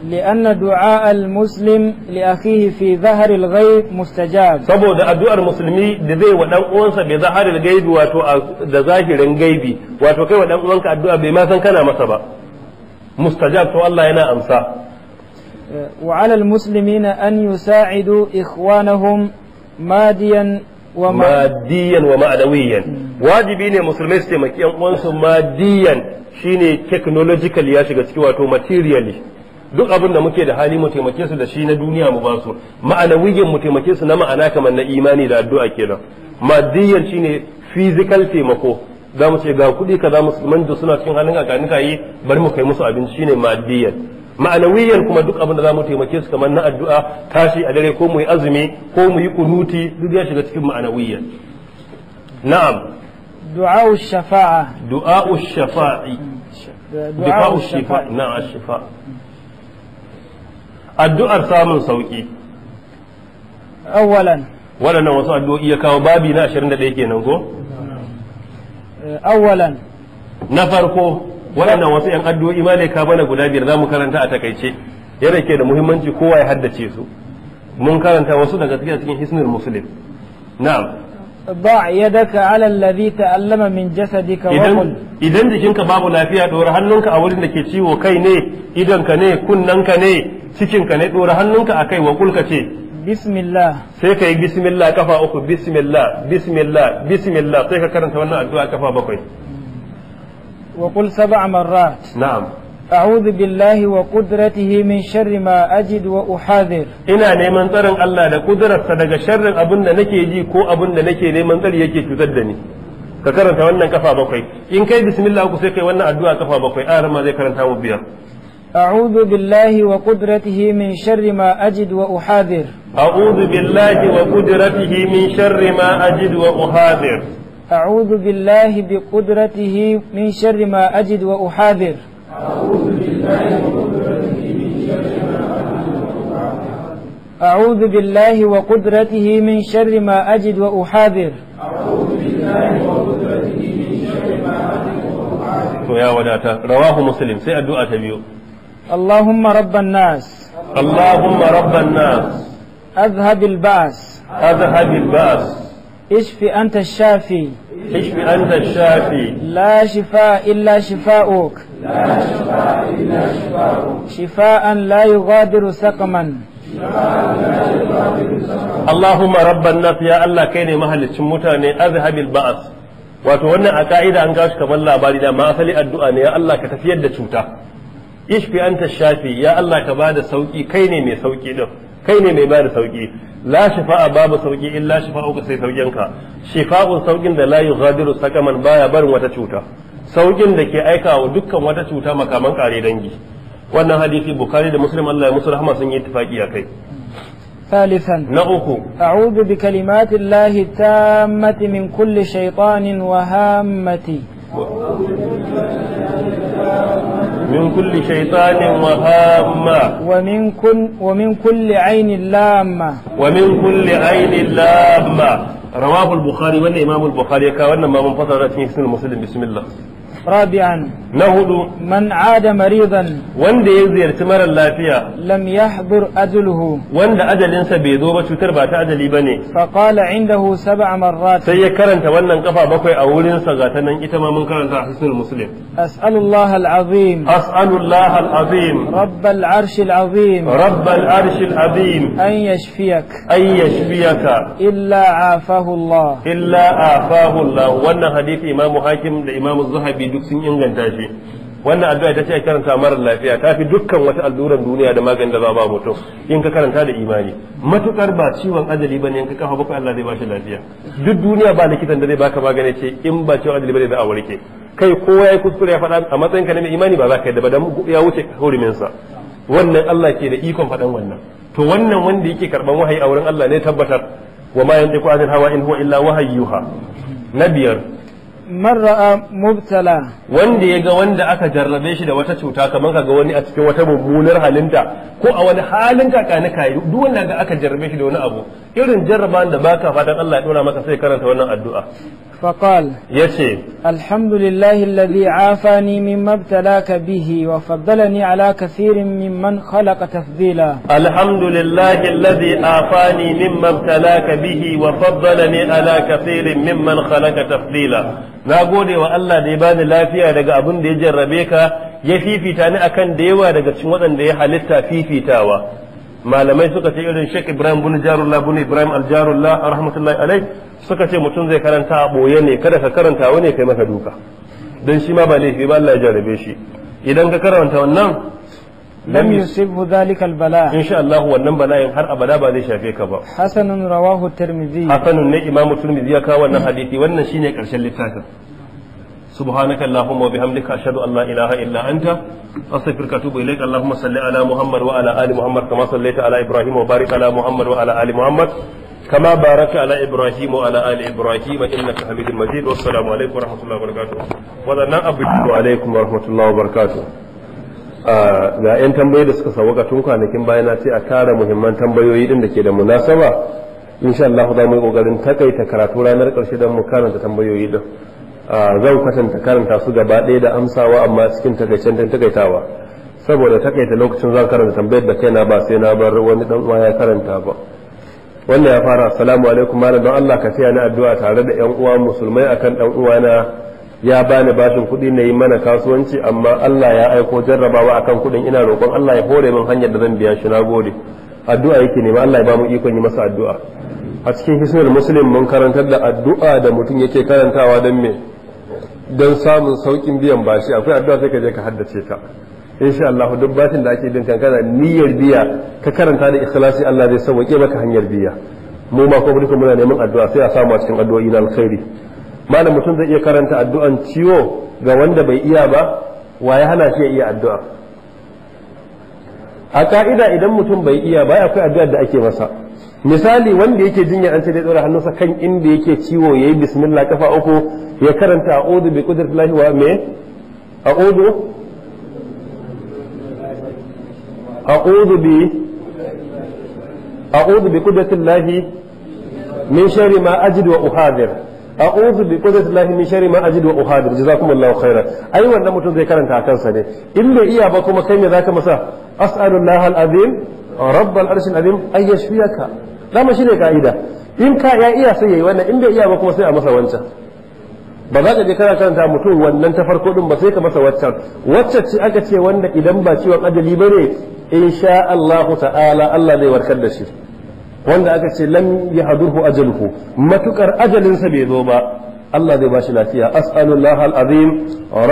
li'anna du'a al-muslim li akhihi fi zahr al-ghaib mustajab saboda addu'ar muslimi da zai wa dan uwansa bi zahr al-ghaib wato da zahirin gaibi wato kai wa dan uwanka addu'a bai ma san kana masa ba mustajab to Allah yana amsa وعلى المسلمين أن يساعدوا إخوانهم ماديا madiyan wa ma'adawiyan hmm. wajibi ne musulmai su taimaki yan uwansu maddiyan shine technological ya shiga ciki wato materially duk abin da muke da hali mu taimake su da shi na duniya mu ba su ma'anawiyan mu taimake su na ma'ana kamar na imani da addu'a kenan maddiyan shine physical taimako za mu ce ga kuɗi kaza musulman da suna cikin halin a yi bari mu kai musu abinci shine madiyan ma'anawiyan kuma duk abin da za mu taimake su kamar na addu'a tashi a dare ko mu yi azumi ko mu yi kunuti duk ya shiga cikin ma'anawiyan na'am du'a'u shafa'a du'a shafa'i du'a'u shafa'i na'a mm. shafa'a addu'ar samun sauki awwalan waɗannan wasu addu'o'i ya kawo babi na 21 kenan ko awwalan na farko waɗannan wasu yan addu'o'i ma ne ka bana guda biyar zamu karanta a takaice yana ke da muhimmanci kowa ya haddace su mun karanta wasu daga cikin hisnul muslim na'am ضع يدك على ta'allama min من جسدك وقل idan jikinka babu lafiya dora hannunka a wurin da ke ciwo kai ne idonka ne kunnanka ne cikinka ne dora hannunka akai wa kulka ce bismillah sai kai yi bismillah kafa uku bismillah bismillah bismillah sai ka karanta wannan addu'a kafa bakwai وقل سبع مرات نعم أعوذ بالله وقدرته من شر ما أجد وأحاذر إنا نيمان ترن الله لقدرة صدق شر أبن نكي جي كو أبن نكي نيمان ترن يكي تزدني ka karanta wannan kafa bakwai in kai bismillah ku sai kai wannan addu'a kafa bakwai a ma zai karanta mu biyar أعوذ بالله وقدرته من شر ما أجد وأحاذر أعوذ بالله وقدرته من شر ما أجد وأحاذر أعوذ بالله بقدرته من شر ما أجد وأحاذر أعوذ بالله وقدرته من شر ما أعوذ بالله وقدرته من شر ما أجد وأحاذر أعوذ بالله وقدرته من شر ما أجد وأحاذر يا رواه مسلم سيأدوا تبيو اللهم رب الناس اللهم رب الناس أذهب البأس أذهب البأس اشف أنت الشافي اشف أنت الشافي لا شفاء إلا شفاؤك لا شفاء إلا شفاؤك شفاء لا يغادر سقما اللهم رب الناس يا الله كيني مهل الشمتاني أذهب البأس wato wannan a ka'ida an gashi kamar labari da ma asali addu'a ne ya Allah ka tafiyar da cuta ishfi anta shafi ya Allah ka bada sauki kai ne mai sauki din kai ne mai bada sauki la shafa'a babu sauki illa shafa'uka sai saukinka shifa'un saukin da la yughadiru sakaman baya barin wata cuta saukin da ke aikawa dukkan wata cuta makaman kare dangi wannan hadisi bukari da muslim Allah ya musu rahama sun yi ittifaqi akai ثالثا نأخو أعوذ بكلمات الله التامة من كل شيطان وهامة من كل شيطان وهامة ومن كل ومن كل عين لامة ومن كل عين لامة رواه البخاري والإمام البخاري كان ما منفصل في المسلم بسم الله رابعا na hudu man ada maridan wanda ya ziyarci marar lafiya lam yahdur ajaluhu wanda ajalinsa bai zo ba cutar ba ta ajali bane fa qala indahu sab'a marrat sai ya karanta wannan kafa bakwai a wurin sa ga nan ita ma mun karanta hisnul muslim as'alullah al'azim as'alullah al'azim Rabbal al'arsh azim. Rabbal al'arsh azim. an yashfiyak an yashfiyaka illa afahu Allah illa afahu Allah wannan hadisi imamu hakim da imamu zahabi duk sun inganta shi annabi wannan addu'a ita ce a karanta mara lafiya ta fi dukkan wata alluran duniya da maganin da za ba mutum in ka karanta da imani matukar ba ciwon ajali bane in ka kafa bakwai Allah zai bashi lafiya duk duniya ba likitan da zai baka magani ce in ba ciwon ajali bane za a warke kai kowa yayi kuskure ya faɗa a matsayin ka na imani ba za ka yi da ba dan ya wuce hurumin sa wannan Allah ke da ikon faɗan wannan to wannan wanda yake karban wahayi a wurin Allah ne tabbatar wa ma yantiqu anil hawa in huwa illa wahayyuha na biyar man ra'a mubtala wanda ya ga wanda aka jarrabe shi da wata cuta kamar kaga wani a cikin wata mummunar halinta ko a wani halin ka kana kai duk wanda ga aka jarrabe shi da wani abu irin jarraban da baka fatan Allah ya dora masa sai karanta wannan addu'a فقال يشي الحمد لله الذي عافاني مما ابتلاك به وفضلني على كثير ممن خلق تفضيلا الحمد لله الذي عافاني مما ابتلاك به وفضلني على كثير ممن خلق تفضيلا نغودي والله دي باني لافيا daga abin da ya jarrabe ka ya fifita ni akan da yawa daga cikin waɗanda ya halitta fifitawa malamai suka ce irin Sheikh Ibrahim bin Jarullah Ibrahim al-Jarullah rahmatullahi alai suka ce mutum zai karanta a boye ne kada ka karanta wani kai maka duka dan shi ma ba laifi ba Allah ya jarabe shi idan ka karanta wannan lam yusibhu dhalika al-bala insha Allah wannan bala'in har abada ba zai shafe ka ba hasanun rawahu tirmidhi hasanun ne imamu tirmidhi ya kawo wannan hadisi wannan shine karshen littafin سبحانك اللهم وبحمدك أشهد أن لا إله إلا أنت أستغفرك وأتوب إليك اللهم صل على محمد وعلى آل محمد كما صليت على إبراهيم وبارك على محمد وعلى آل محمد كما بارك على إبراهيم وعلى آل إبراهيم إنك حميد مجيد والسلام عليكم ورحمة الله وبركاته وذنا أبدو عليكم ورحمة الله وبركاته ga 'yan tambayi da suka sauka tun kwanakin bayan na ce a kara muhimman tambayoyi din da ke da munasaba insha Allah za mu yi kokarin takaita karatu ranar karshe don mu karanta tambayoyi din zan kwatanta karanta su gaba ɗaya da amsawa amma cikin takaicen takaitawa saboda takaita lokacin zan karanta tambayar da kai na ba sai na bar wani dan uwa ya karanta ba wannan ya fara assalamu alaikum malam don Allah ka taya ni addu'a tare da yan uwa musulmai akan dan uwana ya bani bashin kuɗi na yi mana kasuwanci amma Allah ya aiko jarrabawa akan kuɗin ina roƙon Allah ya hore min hanyar da zan biya shi nagode addu'a yake nema Allah ya ba mu ikon yi masa addu'a a cikin hisnul muslim mun karantar da addu'a da mutum yake karantawa don me don samun saukin biyan bashi akwai addu'a sai ka je ka haddace ta insha Allah duk bashin da ake bin kankana niyyar biya ka karanta da ikhlasi Allah zai sauke maka hanyar biya mu ma ko duka muna neman addu'a sai a samu a cikin addu'o'i na alkhairi malam mutum zai iya karanta addu'an ciwo ga wanda bai iya ba waye hana shi ya iya addu'a a ka'ida idan mutum bai iya ba akwai addu'ar da ake masa misali wanda yake jinya an ce zai dora hannunsa kan inda yake ciwo ya yi bismillah kafa uku ya karanta a odu bi qudratillahi wa me a'udhu a'udhu bi a'udhu bi qudratillahi min shari ma ajidu wa uhadhir a'udhu bi qudratillahi min sharri ma ajidu wa uhadhir jazakumullahu khairan ai wannan mutum zai karanta a kansa ne in bai iya ba kuma kai ne zaka masa as'alullahi al-azim rabbal arshil azim ay dama ne ka'ida in ka ya iya sai yayi wannan in bai iya ba kuma sai a masa wancan ba za ka je kana karanta mutum wannan ta farko din ba sai ka masa waccan wacce ce aka ce wanda idan ba ciwon ajali bane insha Allah ta'ala Allah zai warkar da shi wanda aka ce lam yahdurhu ajaluhu matukar ajalinsa bai zo ba Allah zai bashi lafiya as'alullah al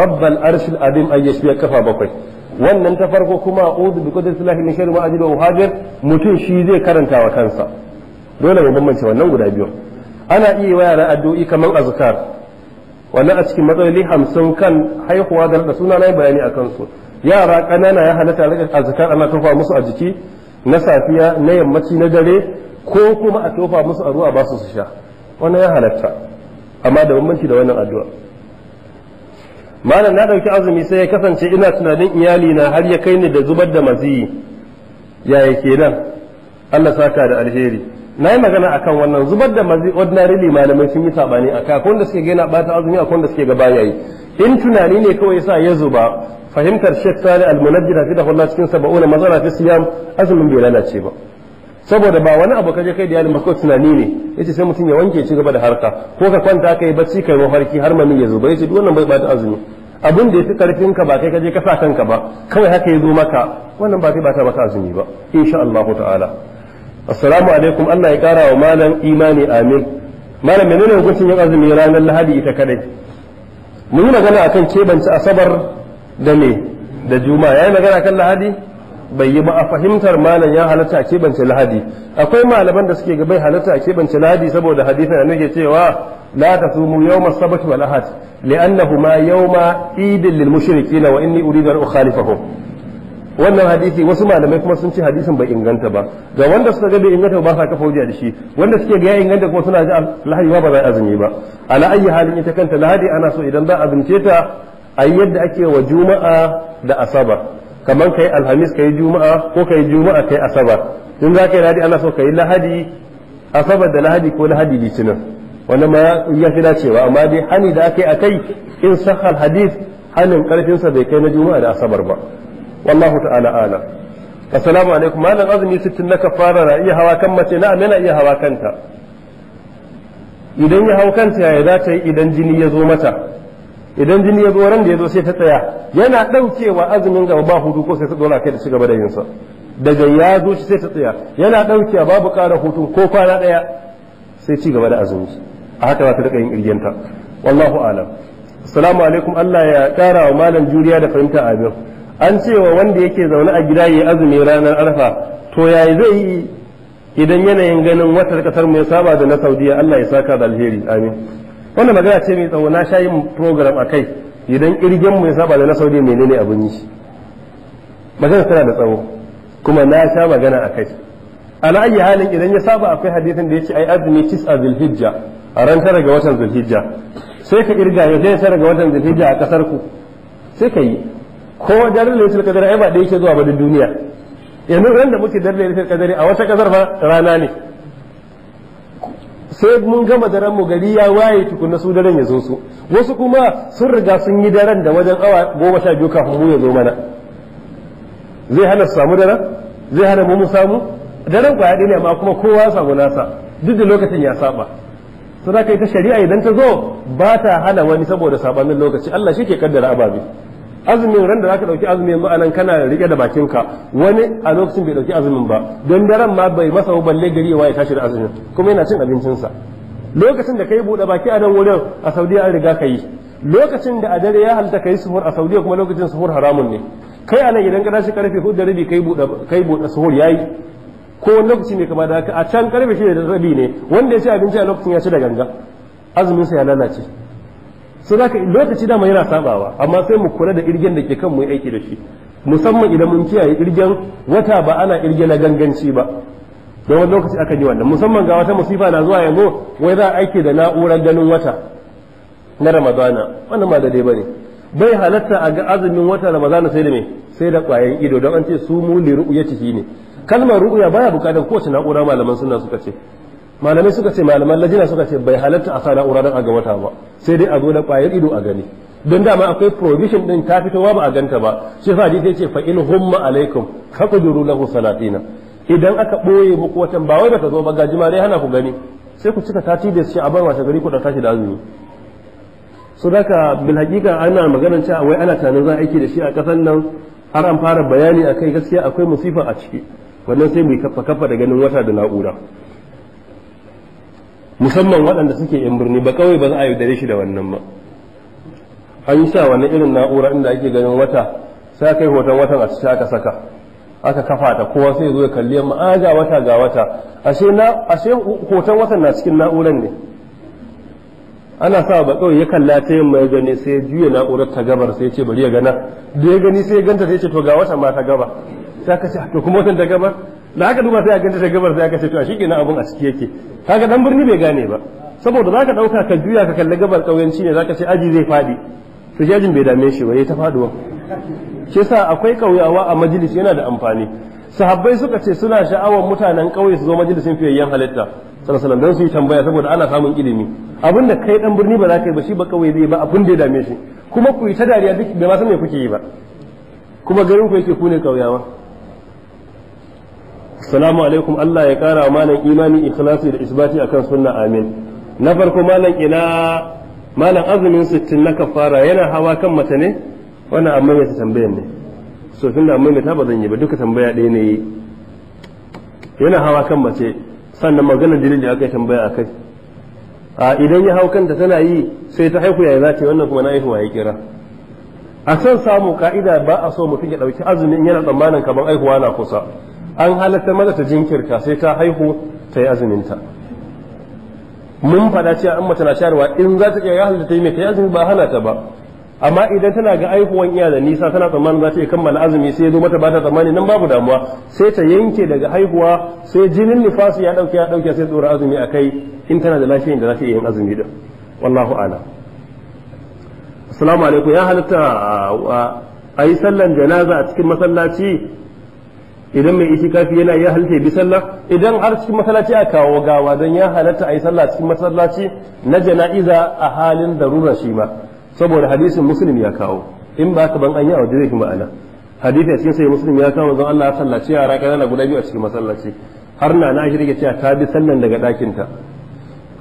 rabbal arshil azim an yashfiya kafa bakwai wannan ta farko kuma a'udhu bi qudratillahi min sharri ma ajidu wa muhajir mutum shi zai karanta wa kansa dole mu bambance wannan guda biyu ana iya wa yara addu'o'i kamar azkar wannan a cikin matsaloli hamsin kan haihuwa da da suna nayi bayani akan su yara kanana ya halatta rika azkar ana tofa musu a jiki na safiya na yammaci na dare ko kuma a tofa musu a ruwa ba su sha wannan ya halatta amma da bambanci da wannan addu'a malam na ɗauki azumi sai ya kasance ina tunanin iyali na har ya kai ni da zubar da maziyi yaya kenan Allah saka da alheri na yi magana a kan wannan zubar da mazi ordinarily malamai sun yi sabani a kai akwai wanda suke gaina bata azumi akwai wanda suke gaba yayi in tunani ne kawai yasa ya zuba fahimtar shak-tsari almunajjid a munajjid hafidahullah cikin maza mazara fi siyam azumin bai lalace ba saboda ba wani abu kaje kai da yalin masu tunani ne ya ce sai mutum ya wanke ci gaba da harka ko ka kwanta ka yi bacci kai mafarki har min ya zuba yace duk wannan bai bata azumi abin da yafi karfin ka ba kai kaje ka sa kanka ba kawai haka ya zo maka wannan ba zai bata maka azumi ba insha Allah ta'ala assalamu alaikum Allah ya kara wa malam imani amin malam menene hukuncin yin azumi ranar lahadi ita kadai mun yi magana akan kebanci asabar da me da juma'a yi magana kan lahadi bai yi ba a fahimtar malam ya halatta a kebance lahadi akwai malaman da suke bai halatta a kebance lahadi saboda hadisin da nake cewa la tasumu yawma sabt wal ahad li'annahu ma yawma idil lil mushrikeena wa inni uridu an ukhalifahum wannan hadisi wasu malamai kuma sun ce hadisin bai inganta ba ga wanda suka ga bai inganta ba sa kafa hujja da shi wanda suke ga ya inganta kuma suna ji lahadi ba za a azumi ba ala ayi halin ita kanta lahadi ana so idan za a azumce ta a yi yadda ake wa juma'a da asabar kamar kai alhamis kai juma'a ko kai juma'a kai asabar in za ka yi lahadi ana so ka yi lahadi asabar da lahadi ko lahadi litinin wannan ma ya fi dacewa amma dai hani da aka yi a kai in sahal hadith hanin karfinsa bai kai na juma'a da asabar ba wallahu ta'ala ala assalamu alaikum malam azumi sittin na kafara na hawa kan mace na yana iya hawa kanta idan ya hau kanta yaya za ta yi idan jini ya zo mata idan jini ya zo ran da ya zo sai ta tsaya yana ɗaukewa azumin gaba ba hudu ko sai ta dora kai da cigaba da yinsa daga ya zo shi sai ta tsaya yana ɗauke babu kara hutun ko kwana ɗaya sai ci gaba da azumi a haka ba ta riƙa yin irgenta wallahu alam assalamu alaikum Allah ya karawa wa malam juriya da fahimta abin an cewa wanda yake zaune a gida ya azumi ranar arfa to yayi zai yi idan yanayin ganin watar kasar mai ya saba da na saudiya Allah ya saka da alheri amin wannan magana ce mai tsawo na sha yin program a kai idan kirgen mai ya saba da na saudiya menene abin yi magana tana da tsawo kuma na sha magana a kai ala ayi halin idan ya saba akwai hadisin da ya ce ai azumi tis a zulhijja a ran tara ga watan zulhijja sai ka kirga ya dai tara ga watan zulhijja a kasar ku sai ka yi ko daren lailatul qadar ai ba da yake zuwa ba da duniya yanzu ran da muke da lailatul qadar a wata kasar ba rana ne sai mun gama daren mu gari ya waye tukunna su daren ya zo su wasu kuma sun riga sun yi daren da wajen awa goma sha biyu kafin mu ya zo mana zai hana su samu daren zai hana mu mu samu daren kwaya ne amma kuma kowa samu nasa duk da lokacin ya saba sun ita shari'a idan ta zo ba ta hana wani saboda sabanin lokaci Allah shi ke kaddara ababe azumin ran da zaka dauki azumin yanzu anan kana rike da bakinka wani a lokacin bai dauki azumin ba don daren ma bai masa balle gari ya tashi da azumin kuma yana cin abincinsa lokacin da kai bude baki a nan wurin a Saudiya an riga kai lokacin da a dare ya halta kai suhur a Saudiya kuma lokacin suhur haramun ne kai anan idan ka tashi karfe 4 da rabi kai bude kai bude suhur yayi ko wani lokaci ne kamar da haka a can karfe 6 da rabi ne wanda ya ci abinci a lokacin ya ci da ganga azumin sa ya lalace so ka lokaci dama yana sabawa amma sai mu kula da irgen da ke kan mu aiki da shi musamman idan mun kiyaye irgen wata ba ana irge na ganganci ba don wani lokaci akan yi wannan musamman ga wata musifa na zuwa yanzu wai za a aiki da na'urar ganin wata na ramadana wannan ma da dai ne bai halatta a ga azumin wata ramadana sai da me sai da kwayan ido don an ce su mu ya ciki ne kalmar ru'ya baya bukatar kowace na'ura malaman suna suka ce malamai suka ce malaman lajina suka ce bai halatta a sa na'ura don a ga wata ba sai dai a zo da ƙwayar ido a gani don dama akwai provision din ta fitowa ba a ganta ba shi sa hadisi ce fa in humma alaikum faqduru lahu salatina idan aka ɓoye muku watan ba wai bata zo ba gaji hana ku gani sai ku cika tati da shi a bar washe gari ku da tashi da azumi so daga bil hakika ana maganar cewa wai ana tunanin za a aiki da shi a kasan nan har an fara bayani akai gaskiya akwai musifa a ciki wannan sai mu kafa kafa da ganin wata da na'ura musamman waɗanda suke yan birni ba kawai ba za a yi dare shi da wannan ba an yi sa wani irin na'ura inda ake ganin wata sai kai hoton watan a cikin aka saka aka kafa ta kowa sai zo ya kalli amma a ah, ga wata ga wata ashe na ashe hoton watan na cikin na'uran ne ana sa ba kawai ya kalla ta yamma ya gani sai juya na'urar ta gabar sai ya ce bari ya gana da ya gani sai ya ganta sai ya ce to ga wata ma ta gaba sai ka ce ah, to kuma watan ta gabar da aka duba sai a ganta ta gabar sai aka ce to a kenan abun a ciki yake kaga dan birni bai gane ba saboda zaka dauka ka juya ka kalli gabar kauyanci ne zaka ce aji zai fadi to jajin bai dame shi ba yayi ta faduwa shi yasa akwai kauyawa a majalisi yana da amfani sahabbai suka ce suna sha'awar mutanen kauye su zo majalisin fiyayyen halitta sallallahu don su yi tambaya saboda ana samun ilimi abin da kai dan birni ba za ka yi ba shi ba kauye zai ba abin da ya dame shi kuma ku yi ta dariya duk bai ma san me kuke yi ba kuma garin ku yake ku ne kauyawa assalamu alaikum Allah ya kara wa malam imani ikhlasi da isbati akan sunna amin na farko malam ina malam azumin sittin na kafara yana hawa kan mace ne wannan amma mai tambayan ne so tunda amma mai ta ba zan yi ba duka tambaya ɗaya ne yana hawa kan mace sannan maganar jinin da aka yi tambaya akai a idan ya hau kanta tana yi sai ta haihu ya zace wannan kuma na haihuwa ya kira a san samu ka'ida ba a so mutum ya ɗauki azumin yana tsammanin kaman aihuwa na kusa an halatta mata ta jinkirta sai ta haihu ta yi azuminta mun faɗa cewa an mace na shayarwa in za ta iya ya halatta ta yi mai ta yi azumi ba hana ta ba amma idan tana ga aihuwan iya da nisa tana tsammanin za ta iya kammala azumi sai ya zo mata ba ta tsammani nan babu damuwa sai ta yanke daga haihuwa sai jinin nifasi ya dauke ya dauke sai tsora azumi a kai in tana da lafiyan da za ta iya yin azumi da wallahu ala assalamu alaikum ya halatta a yi sallan janaza a cikin masallaci idan mai itikafi yana iya halitta bi sallah idan har cikin masallaci a kawo gawa don ya halatta a yi sallah cikin masallaci na jana'iza a halin darura shi ba saboda hadisin muslim ya kawo in ba ka ban anya yi a waje zai fi ma'ana hadisi a cikin sai muslim ya kawo zan Allah ya sallaci yara kanana guda biyu a cikin masallaci har na na shirya cewa ta bi sallan daga ɗakinta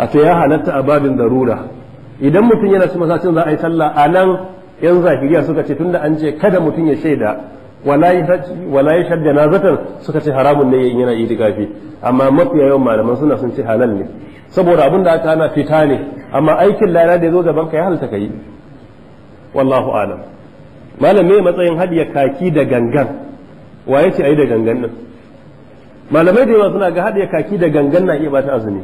a to ya halatta a babin darura idan mutum yana cikin masallacin za a yi sallah a nan yan zahiriya suka ce tunda an ce kada mutum ya shaida wala ya shar janazatan suka ce haramun ne yana itikafi amma mafiya yawan malaman suna sun ce halal ne saboda abin da aka hana fita ne amma aikin lara da ya zo gaban ka ya halta yi wallahu alam malam me matsayin hadiya kaki da gangan waye ce yi da gangan nan malamai da yawa suna ga hadiya kaki da gangan na iya bata azumi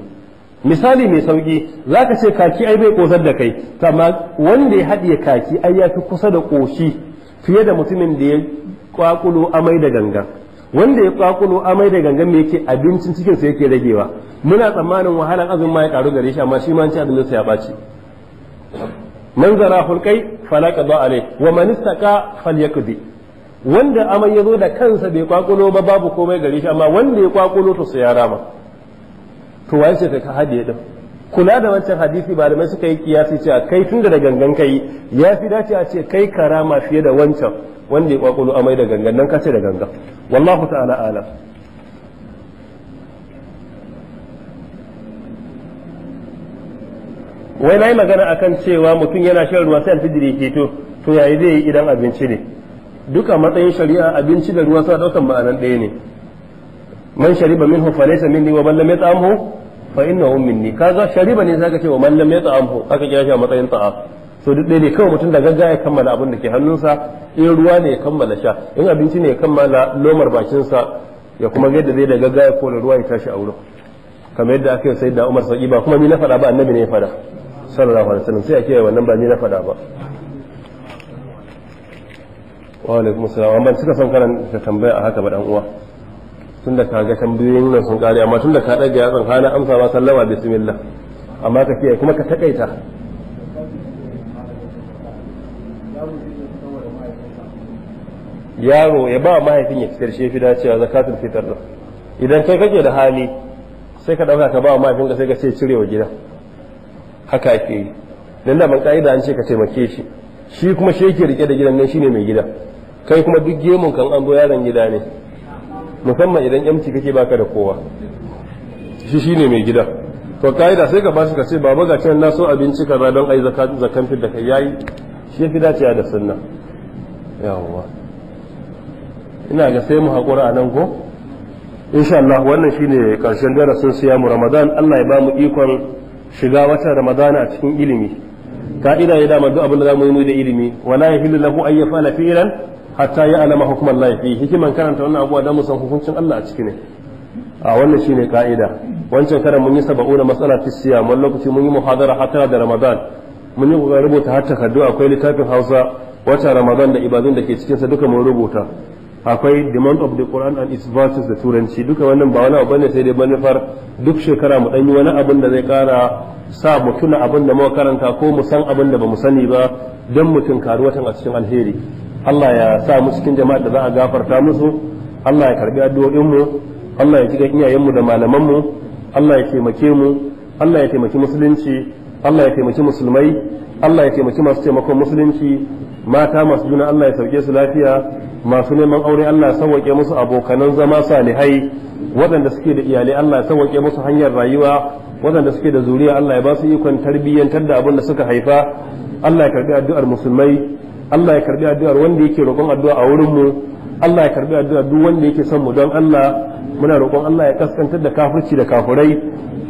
misali mai sauki zaka ce kaki ai bai kosar da kai amma wanda ya hadiya kaki ai ya fi kusa da koshi fiye da mutumin da ya kwakulo amai da gangan wanda ya kwakulo amai da ganga me yake abincin cikin sa yake ragewa muna tsammanin wahalan azumin ma ya karu gare shi amma shi ma ci abincin sa ya baci man zara hulqai fala qada alai wa man istaka falyakdi wanda amai ya zo da kansa bai kwakulo ba babu komai gare shi amma wanda ya kwakulo to sai ya rama to wai sai ka hadiye din kula da wancan hadisi ba da suka yi kiyasi cewa kai tun da gangan kai ya fi dace a ce kai karama fiye da wancan wanda ya kwakwalo amai da gangan nan kace da gangan wallahu ta'ala ala wai na yi magana akan cewa mutum yana shan ruwa sai alfijiri keto to yayi zai yi idan abinci ne duka matsayin shari'a abinci da ruwa suna daukan ma'anan ɗaya ne man shariba minhu laysa minni wa man lam yata'amhu fa innahu minni kaga shariba ne zaka ce wa man lam yata'amhu aka kira shi a matsayin ta'am so duk ɗaya ne kawai mutum da gaggawa ya kammala abin da ke hannunsa in ruwa ne ya kammala sha in abinci ne ya kammala lomar bakinsa ya kuma yadda zai da gaggawa ya da ruwa ya tashi a wurin kamar yadda aka yi sai da umar saki ba kuma ni na faɗa ba annabi ne ya faɗa sallallahu alaihi wasallam sai a kiyaye wannan ba ni na faɗa ba wa alaikum assalam amma suka san karan ka tambaya a haka ba dan uwa tunda ka ga tambayoyin nan sun kare amma tunda ka ɗaga yatsan hana amsa ba sallama bismillah amma ka kiyaye kuma ka takaita yaro ya ba mahaifin ya fitar shi fi dacewa zakatun fitar da idan kai kake da hali sai ka dauka ka ba wa mahaifinka sai ka ce cirewa gida haka ake yi dan da ban ka'ida an ce ka taimake shi shi kuma shi yake rike da gidan nan shine mai gida kai kuma duk gemun kan an zo yaron gida ne musamman idan yamci kake baka da kowa shi shine mai gida to ka'ida sai ka bashi ka ce baba ga can na so abinci kaza don ai zakan fit da kai yayi shi fi dacewa da sunna yawwa ina ga sai mu haƙura a nan ko insha Allah wannan shine karshen darasin siyamu ramadan Allah ya ba mu ikon shiga watan ramadana cikin ilimi ka'ida ya dama duk abin da zamu yi da ilimi wala yahillu lahu an yaf'ala fi'lan hatta ya'lama hukm Allah fi hikiman karanta wannan abuwa da mu san hukuncin Allah a ciki ne a wannan shine ka'ida wancan karan mun yi saba'una mas'ala fi siyam wannan lokaci mun yi muhadara hatta da ramadan mun yi rubuta har takardu akwai littafin Hausa wata ramadan da ibadun da ke cikin sa duka mun rubuta akwai the month of the Quran and its verses da turanci duka wannan ba wani abu ne sai dai manufar duk shekara mu danyi wani abin da zai kara sa mu tuna abin da muka karanta ko mu san abin da bamu sani ba don mu tunkari watan a cikin alheri Allah ya sa mu cikin jama'a da za a gafarta musu Allah ya karbi addu'o'in mu Allah ya jiga iyayen mu da malaman mu Allah ya taimake mu Allah ya taimaki musulunci Allah ya taimaki musulmai Allah ya taimaki masu taimakon musulunci mata masu juna Allah ya sauke su lafiya masu neman aure Allah ya sauke musu abokanan zama salihai waɗanda suke da iyalai Allah ya sauke musu hanyar rayuwa waɗanda suke da zuriya Allah ya ba su ikon tarbiyyantar da abin da suka haifa Allah ya karbi addu'ar musulmai Allah ya karbi addu'ar wanda yake roƙon addu'a a wurin mu Allah ya karbi addu'a duk wanda yake son mu don Allah muna roƙon Allah ya kaskantar da kafirci da kafirai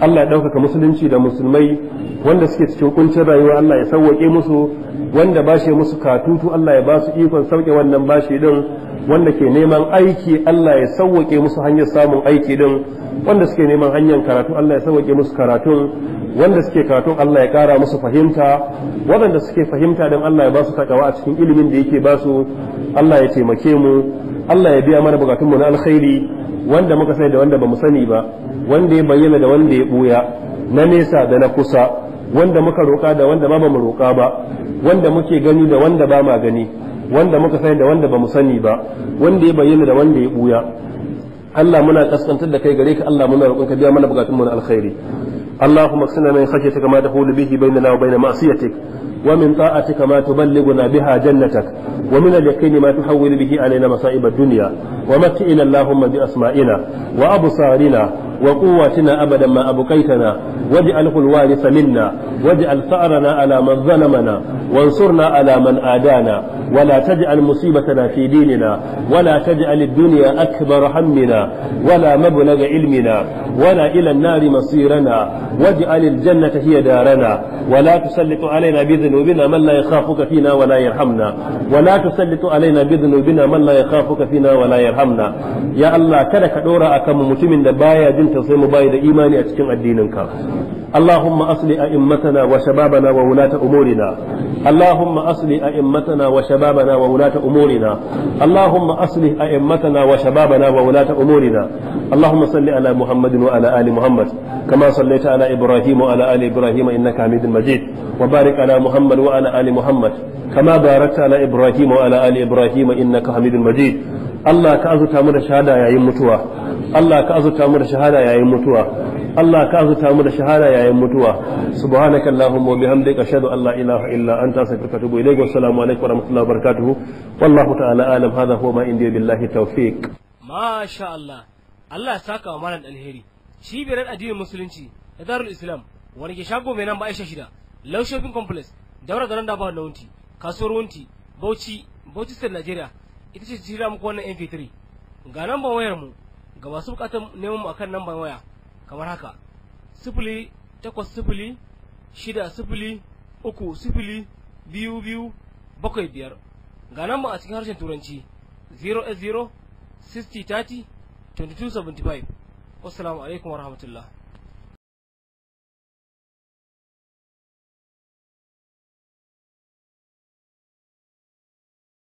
Allah ya ɗaukaka musulunci da musulmai wanda suke cikin kuncin rayuwa Allah ya sauwaƙe musu wanda bashe musu katutu Allah ya ba su ikon sauke wannan bashi din wanda ke neman aiki Allah ya sauwake musu hanyar samun aiki din wanda suke neman hanyar karatu Allah ya sauwake musu karatun wanda suke karatun Allah ya kara musu fahimta waɗanda suke fahimta din Allah ya ba su takawa a cikin ilimin da yake ba su Allah ya taimake mu Allah ya biya mana bukatun mu na alkhairi wanda muka sai da wanda bamu sani ba wanda ya bayyana da wanda ya buya na nesa da na kusa wanda muka roƙa da wanda ba bamu roƙa ba wanda muke gani da wanda ba ma gani wanda muka sani da wanda ba mu sani ba wanda ya bayyana da wanda ya buya Allah muna kaskantar da kai gare ka Allah muna roƙonka biya mana bukatun mu na alkhairi sanna min khashyatika ma tahulu bihi bainana wa ma siyatik. ومن طاعتك ما تبلغنا بها جنتك ومن اليقين ما تحول به علينا مصائب الدنيا ومتئنا اللهم بأسمائنا وأبصارنا وقواتنا أبدا ما أبقيتنا واجعله الوارث منا واجعل ثأرنا على من ظلمنا وانصرنا على من آدانا ولا تجعل مصيبتنا في ديننا ولا تجعل الدنيا أكبر همنا ولا مبلغ علمنا ولا إلى النار مصيرنا واجعل الجنة هي دارنا ولا تسلط علينا بذنبنا بذنوبنا من لا يخافك فينا ولا يرحمنا ولا تسلط علينا بذنوبنا من لا يخافك فينا ولا يرحمنا يا الله kada ka dora akan mu mutumin da baya jin tausayi mu bai da imani a cikin addinin ka اللهم أصل أئمتنا وشبابنا وولاة أمورنا اللهم أصل أئمتنا وشبابنا وولاة أمورنا اللهم أصل أئمتنا وشبابنا وولاة أمورنا اللهم صل على محمد وعلى آل محمد كما صليت على إبراهيم وعلى آل إبراهيم إنك حميد مجيد وبارك على محمد محمد وعلى آل محمد كما باركت على إبراهيم وعلى آل إبراهيم إنك حميد مجيد Allah ka azuta mu da shahada yayin mutuwa Allah ka azuta mu da shahada yayin mutuwa Allah Allah ya saka wa malam alheri cibiyar addinin musulunci da darul islam wani ke shago mai nan ba aisha shida law complex jawar garin da ba na wunti kasuwar wunti bauchi bauchi state nigeria ita ce jira muku wannan mp3 ga namban wayar mu ga masu bukatar neman mu akan namban waya kamar haka sifili takwas shida sifili uku sifili biyu biyu bakwai biyar ga namban a cikin harshen turanci 0 0 60 30 22 75 alaikum warahmatullahi